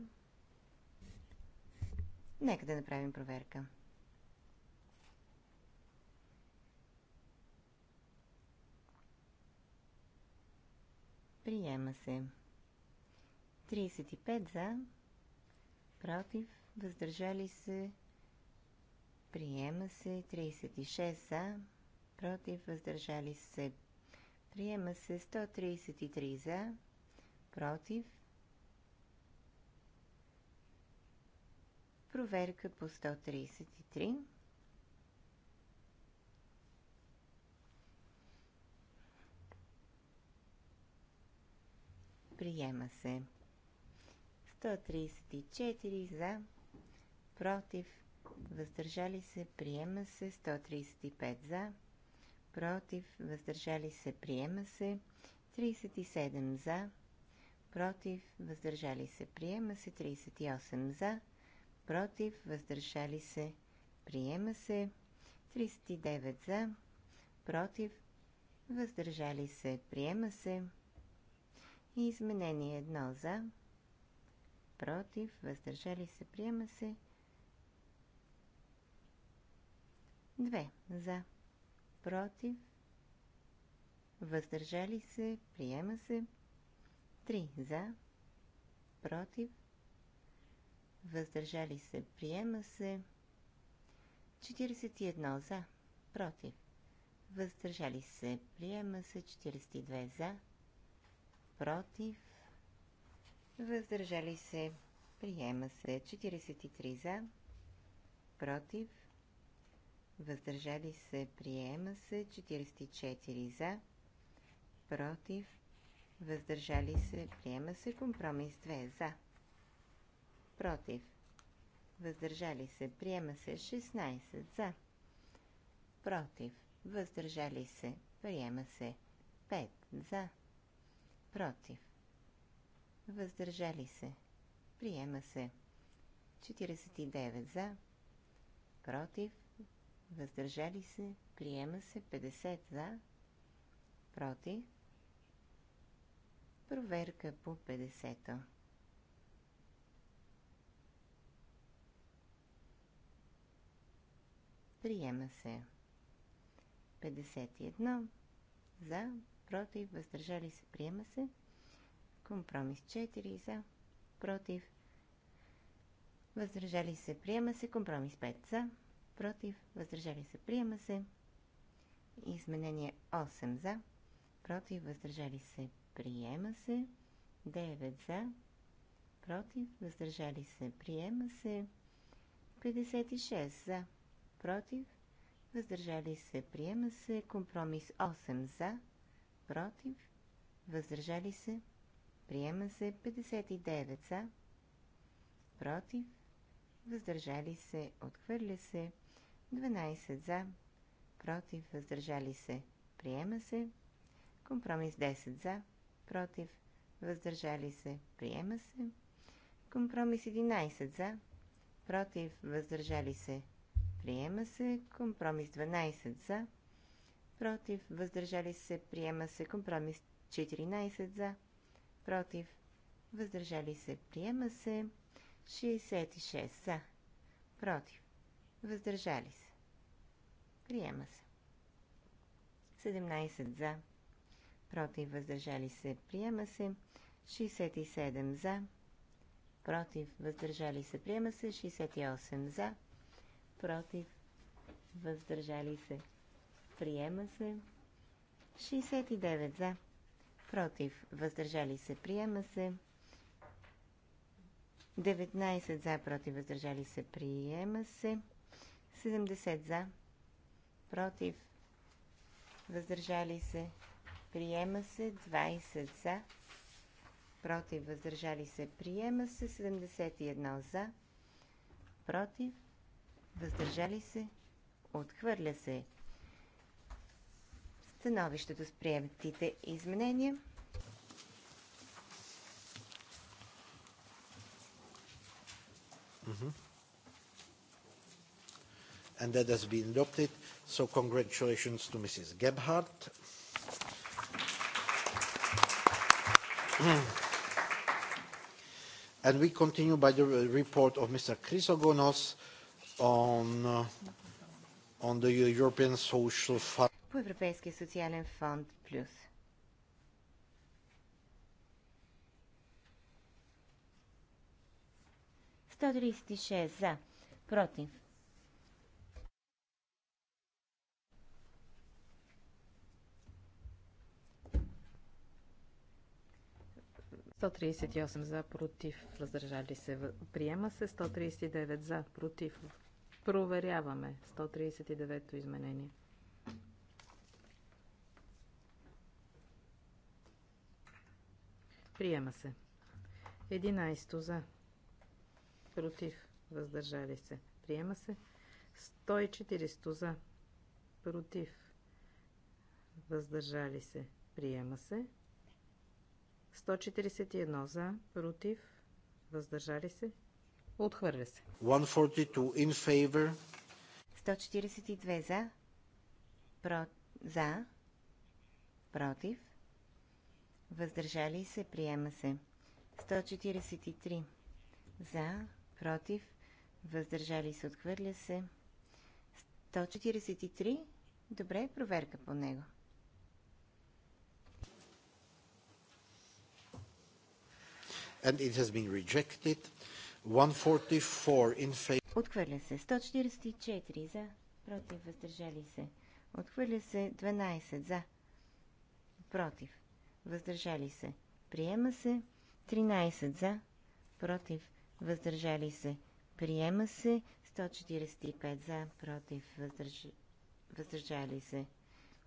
Нека да направим проверка. Приема се. 35 за. Против. Въздържали се. Приема се. 36 за. Против. Въздържали се. Приема се. 133 за. Против. Проверка по 133. Приема се. 134 за, против, въздържали се, приема се. 135 за, против, въздържали се, приема се. 37 за, против, въздържали се, приема се. 38 за, против, въздържали се, приема се. 39 за, против, въздържали се, приема се. И изменение 1 за, против, въздържали се, приема се. 2 за, против, въздържали се, приема се. 3 за, против, въздържали се, приема се. 41 за, против, въздържали се, приема се. 42 за, против, въздържали се, приема се. 43 за, против, въздържали се, приема се. 44 за, против, въздържали се, приема се. Компромис 2 за против, въздържали се, приема се 16 за, против, въздържали се, приема се 5 за, против, въздържали се, приема се 49 за, против, въздържали се, приема се 50 за, против, проверка по 50-то. Приема се. 51. За. Против. Въздържали се. Приема се. Компромис 4. За. Против. Въздържали се. Приема се. Компромис 5. За. Против. Въздържали се. Приема се. Изменение 8. За. Против. Въздържали се. Приема се. 9. За. Против. Въздържали се. Приема се. 56. За против, въздържали се, приема се. Компромис 8 за, против, въздържали се, приема се. 59 за, против, въздържали се, отхвърля се. 12 за, против, въздържали се, приема се. Компромис 10 за, против, въздържали се, приема се. Компромис 11 за, против, въздържали се, Приема се компромис 12 за. Против. Въздържали се. Приема се компромис 14 за. Против. Въздържали се. Приема се 66 за. Против. Въздържали се. Приема се. 17 за. Против. Въздържали се. Приема се. 67 за. Против. Въздържали се. Приема се. 68 за против, въздържали се. Приема се. 69 за, против, въздържали се. Приема се. 19 за, против, въздържали се. Приема се. 70 за, против, въздържали се. Приема се. 20 за, против, въздържали се. Приема се. 71 за, против, въздържали се, отхвърля се. Становището с приемтите изменения. Mm-hmm. And that has been adopted. So congratulations to Mrs. Gebhardt. and we continue by the report of Mr. Chrysogonos on, uh, on the European Social Fund. По Европейския социален фонд плюс. за. Против. за. Против. Въздържали се. Приема се. 139 за. Против. Проверяваме 139-то изменение. Приема се. 11 за. Против. Въздържали се. Приема се. 140 за. Против. Въздържали се. Приема се. 141 за. Против. Въздържали се. Отхвърля се. 142 in favor. 142 за. Про... За. Против. Въздържали се. Приема се. 143 за. Против. Въздържали се. Отхвърля се. 143. Добре, проверка по него. And it has been rejected. Отхвърля се. 144 за. Против. Въздържали се. Отхвърля се. 12 за. Против. Въздържали се. Приема се. 13 за. Против. Въздържали се. Приема се. 145 за. Против. Въздърж... Въздържали се.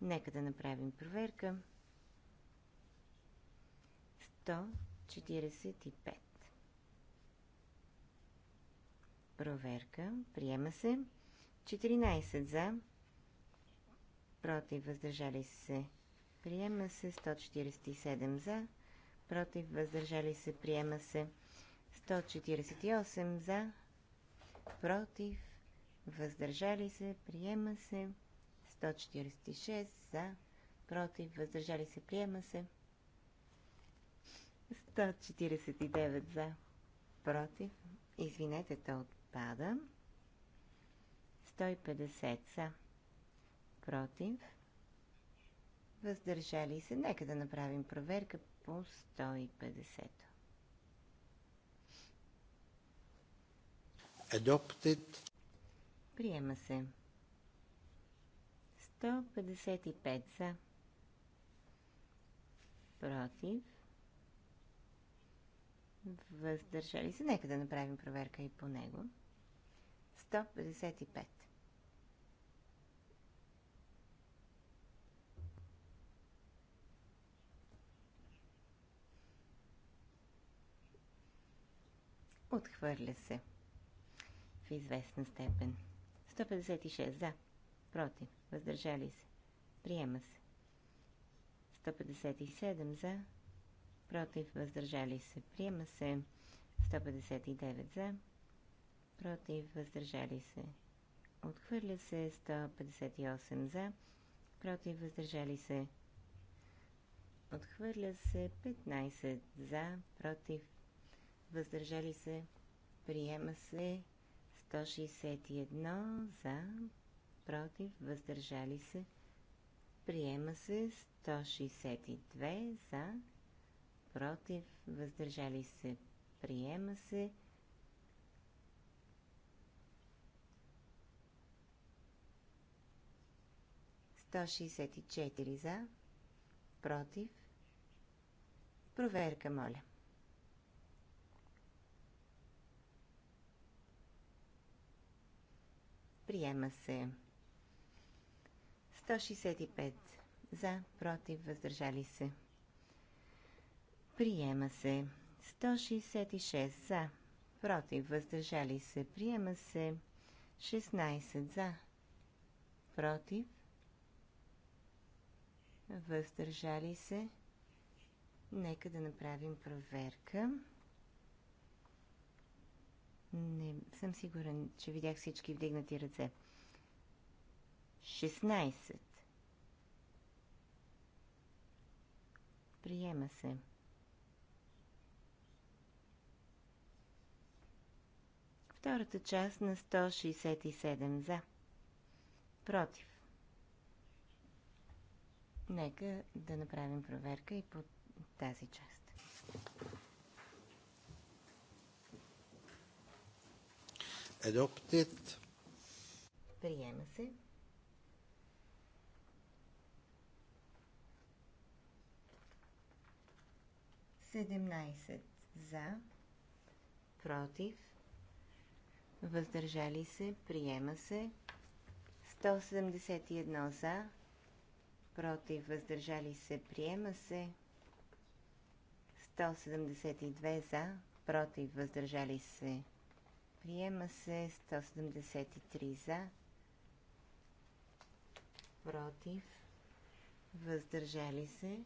Нека да направим проверка. 145. Проверка. Приема се. 14 за. Против. Въздържали се. Приема се. 147 за. Против. Въздържали се. Приема се. 148 за. Против. Въздържали се. Приема се. 146 за. Против. Въздържали се. Приема се. 149 за. Против. Извинете, то от пада. 150 са против. Въздържали се. Нека да направим проверка по 150. Adopted. Приема се. 155 са. Против. Въздържали се. Нека да направим проверка и по него. 155. Отхвърля се. В известна степен. 156 за. Против. Въздържали се. Приема се. 157 за. Против. Въздържали се. Приема се. 159 за против, въздържали се. Отхвърля се 158 за, против, въздържали се. Отхвърля се 15 за, против, въздържали се. Приема се 161 за, против, въздържали се. Приема се 162 за, против, въздържали се. Приема се 164 за, против. Проверка, моля. Приема се. 165 за, против, въздържали се. Приема се. 166 за, против, въздържали се. Приема се. 16 за, против, въздържали се. Нека да направим проверка. Не съм сигурен, че видях всички вдигнати ръце. 16. Приема се. 2. Втората част на 167 за. Против. Нека да направим проверка и по тази част. Adopted. Приема се. Седемнайсет за, против, въздържали се, приема се. 171 за, против, въздържали се, приема се. 172 за, против, въздържали се, приема се. 173 за, против, въздържали се.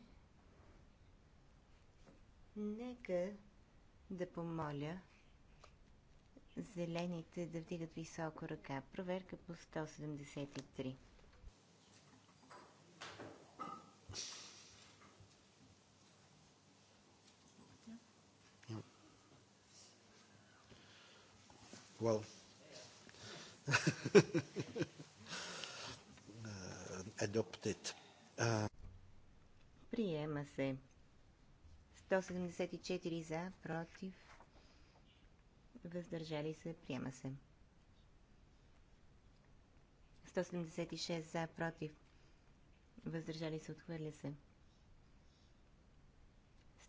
Нека да помоля зелените да вдигат високо ръка. Проверка по 173. well, [LAUGHS] adopted. Uh, приема се. 174 за, против, въздържали се, приема се. 176 за, против, въздържали се, отхвърля се.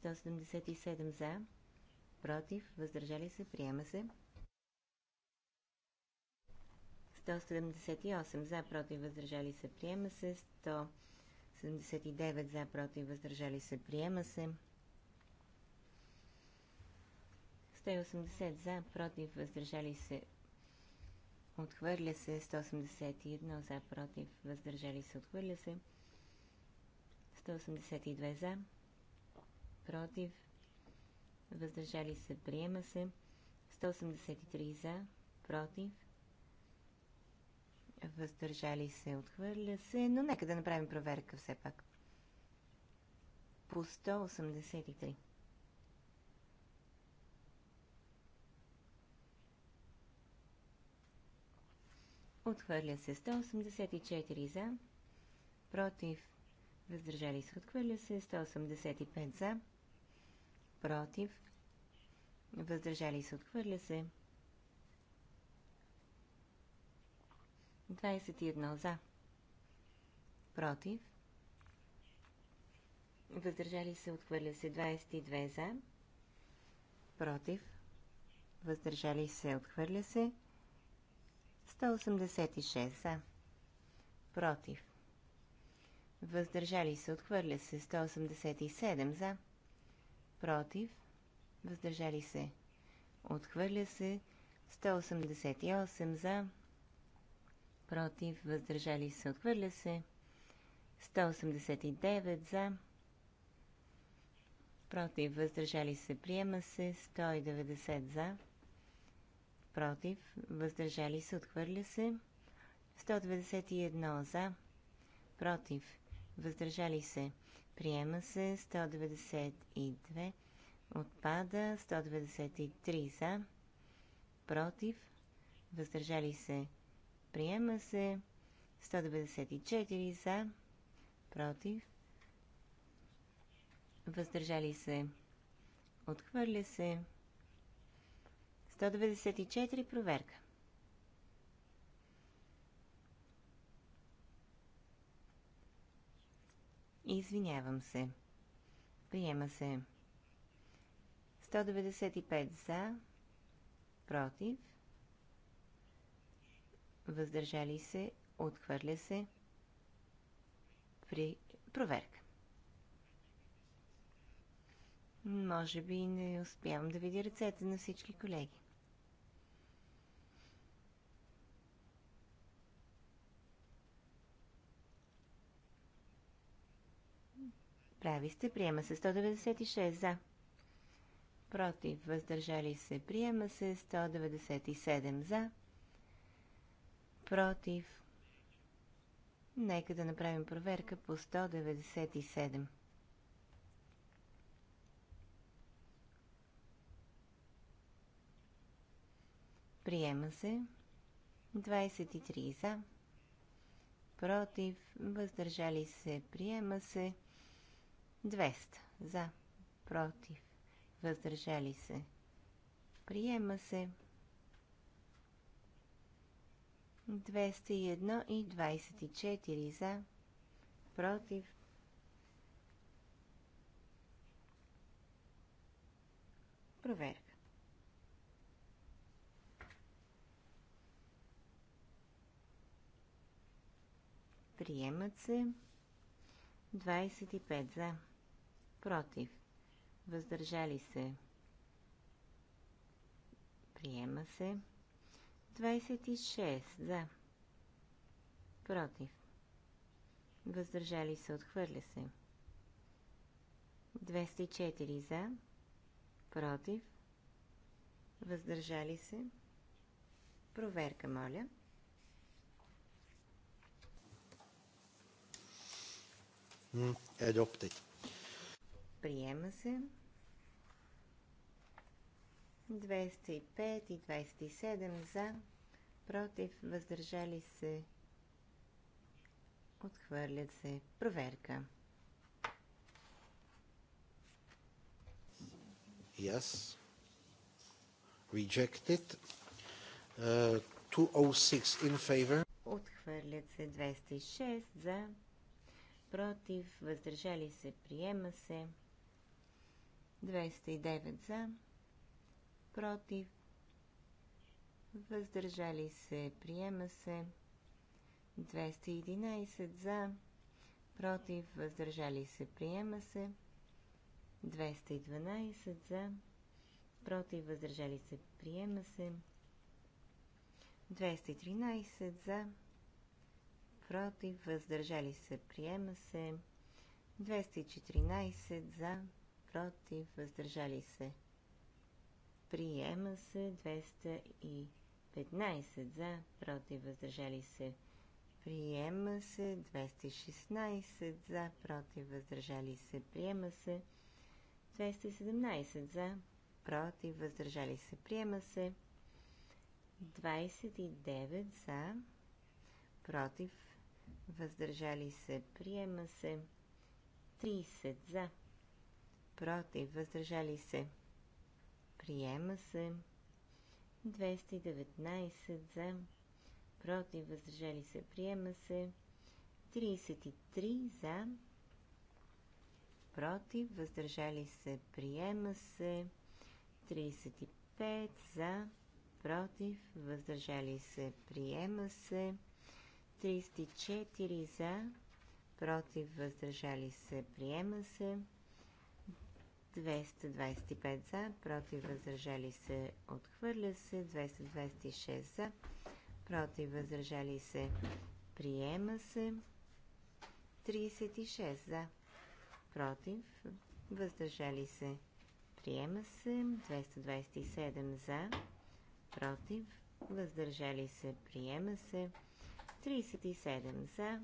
177 за, против, въздържали се, приема се. 178 за, против, въздържали се, приема се. 179 за, против, въздържали се, приема се. 180 за, против, въздържали се, отхвърля се. 181 за, против, въздържали се, отхвърля се. 182 за, против, въздържали се, приема се. 183 за, против, въздържали се, отхвърля се, но нека да направим проверка все пак. По 183. Отхвърля се 184 за, против, въздържали се, отхвърля се 185 за, против, въздържали се, отхвърля се 21 за. Против. Въздържали се отхвърля се 22 за. Против. Въздържали се отхвърля се 186 за. Против. Въздържали се отхвърля се 187 за. Против. Въздържали се. Отхвърля се 188 за против, въздържали се, отхвърля се. 189 за, против, въздържали се, приема се. 190 за, против, въздържали се, отхвърля се. 191 за, против, въздържали се, приема се. 192 отпада, 193 за, против, въздържали се, Приема се 194 за, против, въздържали се, отхвърля се 194 проверка. Извинявам се. Приема се 195 за, против, въздържали се, отхвърля се при проверка. Може би не успявам да видя ръцете на всички колеги. Прави сте, приема се 196 за. Против, въздържали се, приема се 197 за против. Нека да направим проверка по 197. Приема се. 23 за. Против. Въздържали се. Приема се. 200 за. Против. Въздържали се. Приема се. 201 и 24 за, против. Проверка. Приемат се 25 за, против, въздържали се. Приема се 26 за. Против. Въздържали се, отхвърля се. 204 за. Против. Въздържали се. Проверка, моля. Adopted. Е, Приема се. 205 и 27 за, против, въздържали се, отхвърлят се. Проверка. Yes. Rejected. Uh, 206 in favor. Отхвърлят се 206 за, против, въздържали се, приема се. 209 за против, въздържали се, приема се. 211 за, против, въздържали се, приема се. 212 за, против, въздържали се, приема се. 213 за, против, въздържали се, приема се. 214 за, против, въздържали се, Приема се 215 за, против, въздържали се. Приема се 216 за, против, въздържали се. Приема се 217 за, против, въздържали се. Приема се 29 за, против, въздържали се. Приема се 30 за, против, въздържали се. Приема се. 219 за. Против. Въздържали се. Приема се. 33 за. Против. Въздържали се. Приема се. 35 за. Против. Въздържали се. Приема се. 34 за. Против. Въздържали се. Приема се. 225 за, против въздържали се, отхвърля се, 226 за, против въздържали се, приема се, 36 за, против въздържали се, приема се, 227 за, против въздържали се, приема се, 37 за,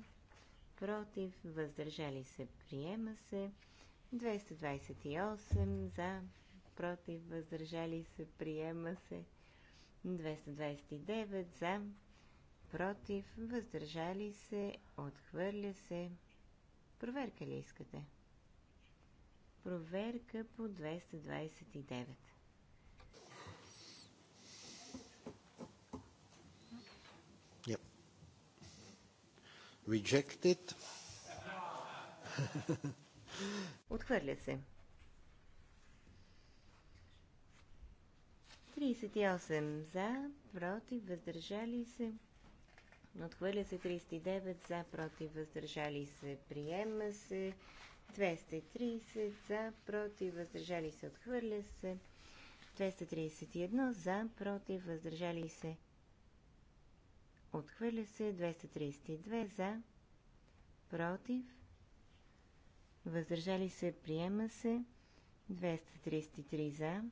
против въздържали се, приема се, 228 за, против, въздържали се, приема се. 229 за, против, въздържали се, отхвърля се. Проверка ли искате? Проверка по 229. Rejected. [LAUGHS] Отхвърля се. 38 за, против, въздържали се. Отхвърля се 39 за, против, въздържали се. Приема се. 230 за, против, въздържали се. Отхвърля се. 231 за, против, въздържали се. Отхвърля се 232 за, против, въздържали се, приема се. 233 за,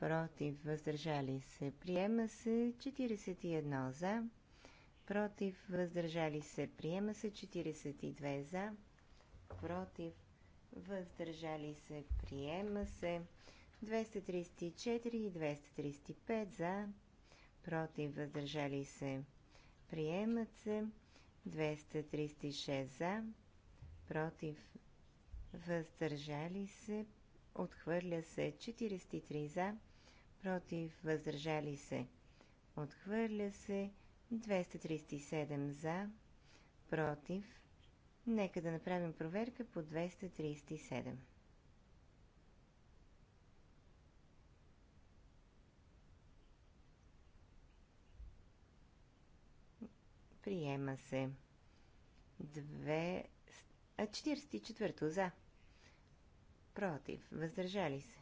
против, въздържали се, приема се. 41 за, против, въздържали се, приема се. 42 за, против, въздържали се, приема се. 234 и 235 за, против, въздържали се, приемат се. 236 за, против, въздържали се, отхвърля се 43 за, против, въздържали се, отхвърля се 237 за, против. Нека да направим проверка по 237. Приема се. 2... 44 за против, въздържали се.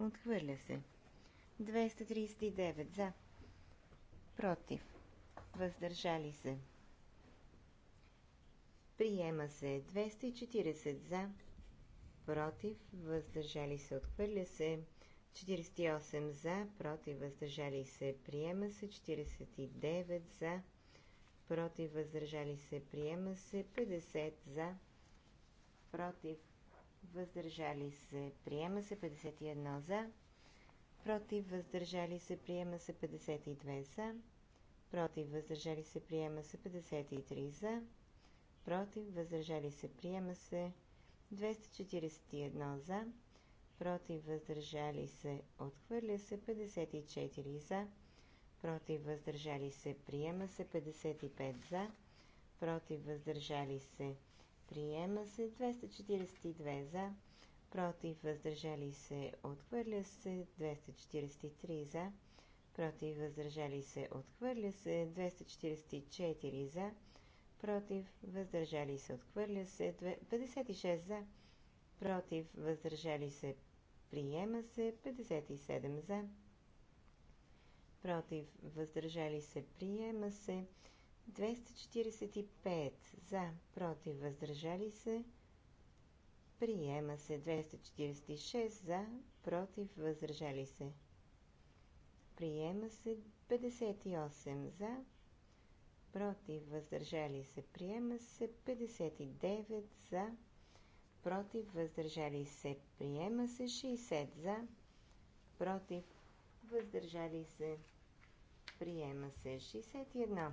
Отхвърля се. 239 за, против, въздържали се. Приема се 240 за, против, въздържали се, отхвърля се. 48 за, против, въздържали се, приема се. 49 за, против, въздържали се, приема се. 50 за, против, въздържали се, приема се 51 за, против, въздържали се, приема се 52 за, против, въздържали се, приема се 53 за, против, въздържали се, приема се 241 за, против, въздържали се, отхвърля се 54 за, против, въздържали се, приема се 55 за, против, въздържали се, Приема се 242 за. Против въздържали се. Отхвърля се 243 за. Против въздържали се. Отхвърля се 244 за. Против въздържали се. Отхвърля се 56 за. Против въздържали се. Приема се 57 за. Против въздържали се. Приема се 245 за, против, въздържали се. Приема се 246 за, против, въздържали се. Приема се 58 за, против, въздържали се. Приема се 59 за, против, въздържали се. Приема се 60 за, против, въздържали се. Приема се 61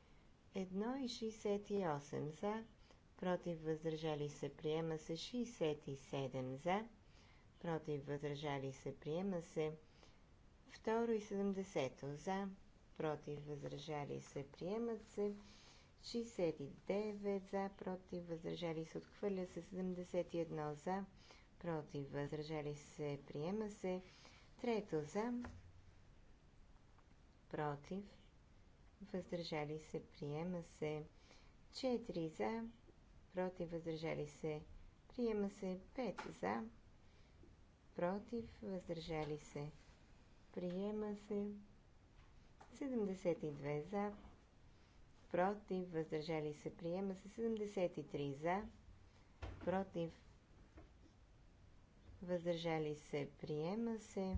1,68 за, против въздържали се, приема се 67 за, против въздържали се, приема се 2,70 за, против въздържали се, приемат се 69 за, против въздържали се, отхвърля се 71 за, против въздържали се, приема се трето за, против въздържали се, приема се. 4 за, против, въздържали се, приема се. 5 за, против, въздържали се, приема се. 72 за, против, въздържали се, приема се. 73 за, против, въздържали се, приема се.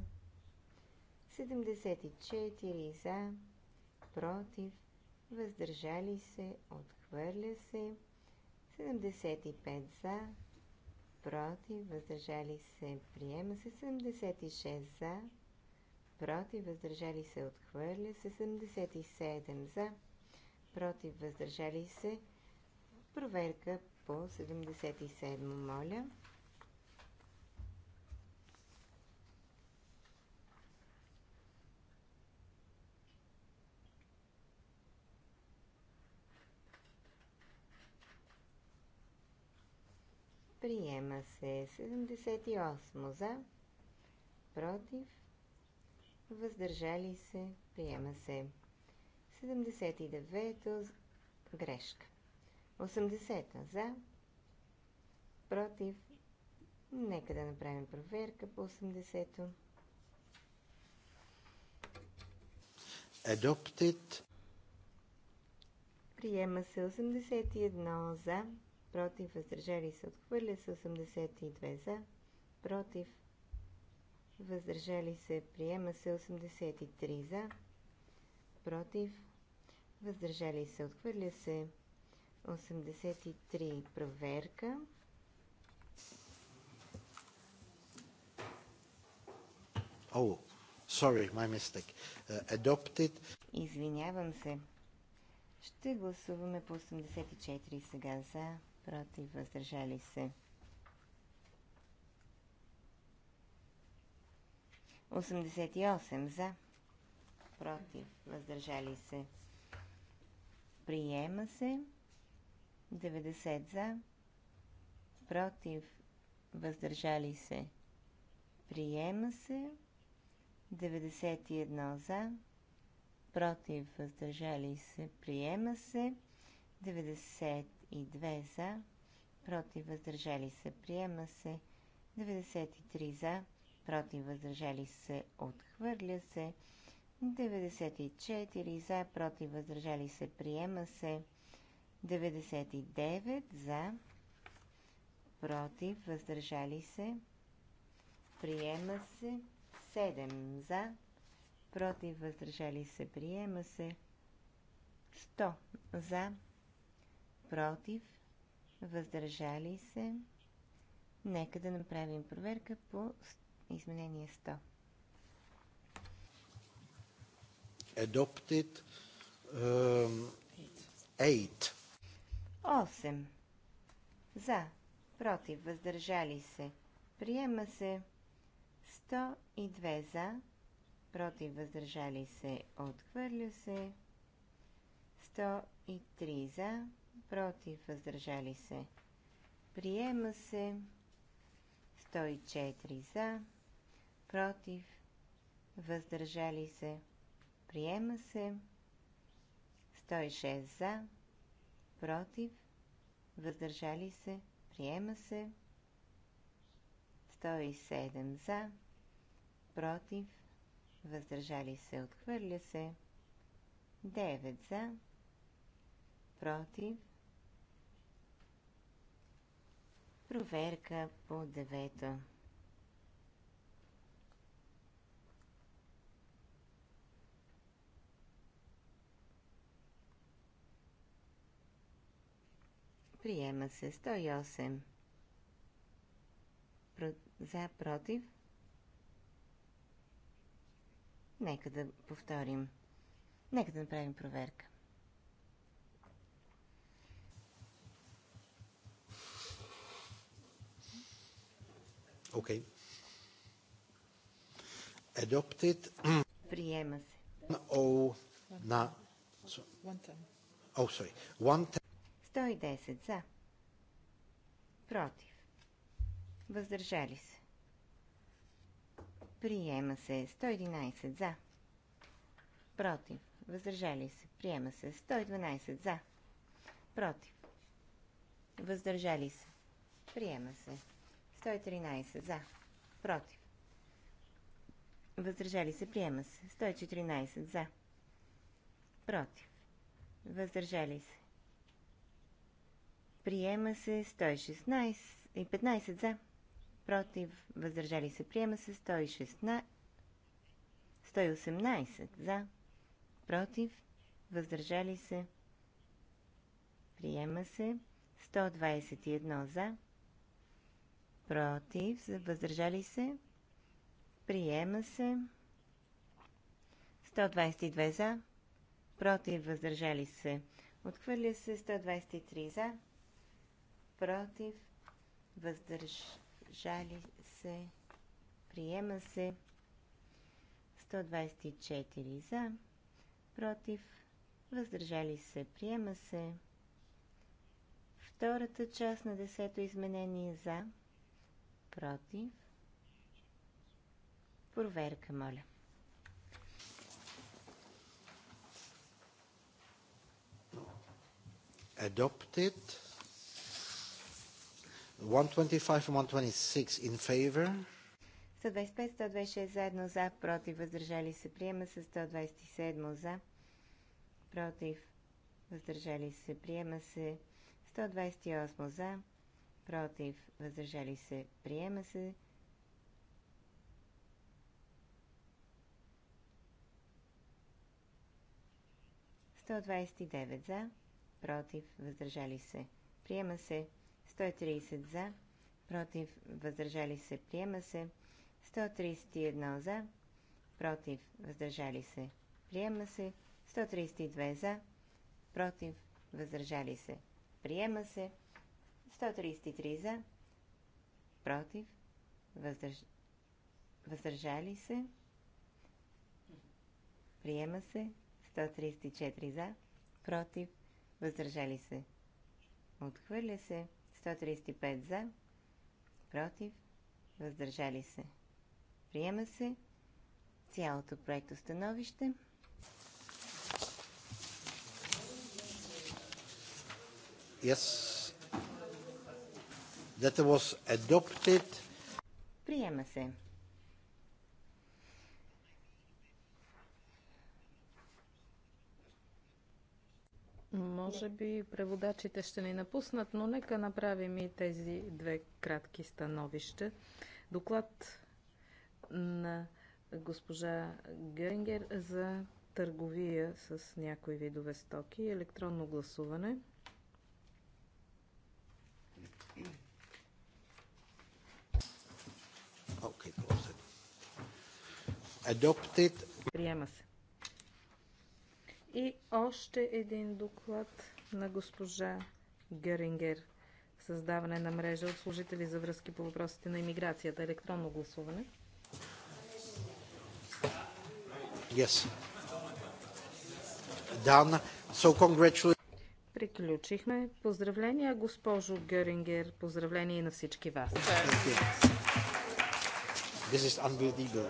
74 за, против, въздържали се, отхвърля се. 75 за, против, въздържали се, приема се. 76 за, против, въздържали се, отхвърля се. 77 за, против, въздържали се. Проверка по 77, моля. Приема се 78 за, против, въздържали се, приема се 79 грешка. 80 за, против, нека да направим проверка по 80-то. Adopted. Приема се 81 за, против, въздържали се, отхвърля се 82 за, против, въздържали се, приема се 83 за, против, въздържали се, отхвърля се 83 проверка. Oh, sorry, my mistake. Uh, adopted. Извинявам се. Ще гласуваме по 84 сега за против, въздържали се. 88 за, против, въздържали се. Приема се. 90 за, против, въздържали се. Приема се. 91 за, против, въздържали се. Приема се. 90 2 за, против въздържали се, приема се 93 за, против въздържали се, отхвърля се 94 за, против въздържали се, приема се 99 за, против въздържали се, приема се 7 за, против въздържали се, приема се 100 за, против, въздържали се. Нека да направим проверка по изменение 100. Adopted um, 8. 8. За, против, въздържали се. Приема се 102 за, против, въздържали се, отхвърля се. 103 за, против, въздържали се. Приема се 104 за, против, въздържали се. Приема се 106 за, против, въздържали се. Приема се 107 за, против, въздържали се. Отхвърля се 9 за, против, Проверка по девето. Приема се 108. Про... За, против. Нека да повторим. Нека да направим проверка. Okay. Adopted. Приема се. О, на... О, sorry. One 110 за. Против. Въздържали се. Приема се 111 за. Против. Въздържали се. Приема се 112 за. Против. Въздържали се. Приема се. 113 за. Против. Въздържали се. Приема се. 114 за. Против. Въздържали се. Приема се 116 и 15 за. Против. Въздържали се. Приема се 116. 118 за. Против. Въздържали се. Приема се 121 за против, въздържали се, приема се. 122 за, против, въздържали се, отхвърля се. 123 за, против, въздържали се, приема се. 124 за, против, въздържали се, приема се. Втората част на десето изменение за, против. Проверка, моля. adopted 125 126 in favor 125, 126 заедно за, против, въздържали се, приема се 127 за, против, въздържали се, приема се 128 за, против, въздържали се, приема се. Сто за, против, въздържали се, приема се. 130 за, против, въздържали се, приема се. 131 за, против, въздържали се, приема се. 132 за, против, въздържали се, приема се. 133 за, против, въздърж... въздържали се, приема се, 134 за, против, въздържали се, отхвърля се, 135 за, против, въздържали се, приема се, цялото проекто становище. Yes that was adopted. Приема се. Може би преводачите ще ни напуснат, но нека направим и тези две кратки становища. Доклад на госпожа Герингер за търговия с някои видове стоки, електронно гласуване. Adopted. Приема се. И още един доклад на госпожа Герингер. Създаване на мрежа от служители за връзки по въпросите на иммиграцията. Електронно гласуване. Yes. Done. So congratulations. Приключихме. Поздравления, госпожо Герингер. Поздравления и на всички вас. This is unbelievable.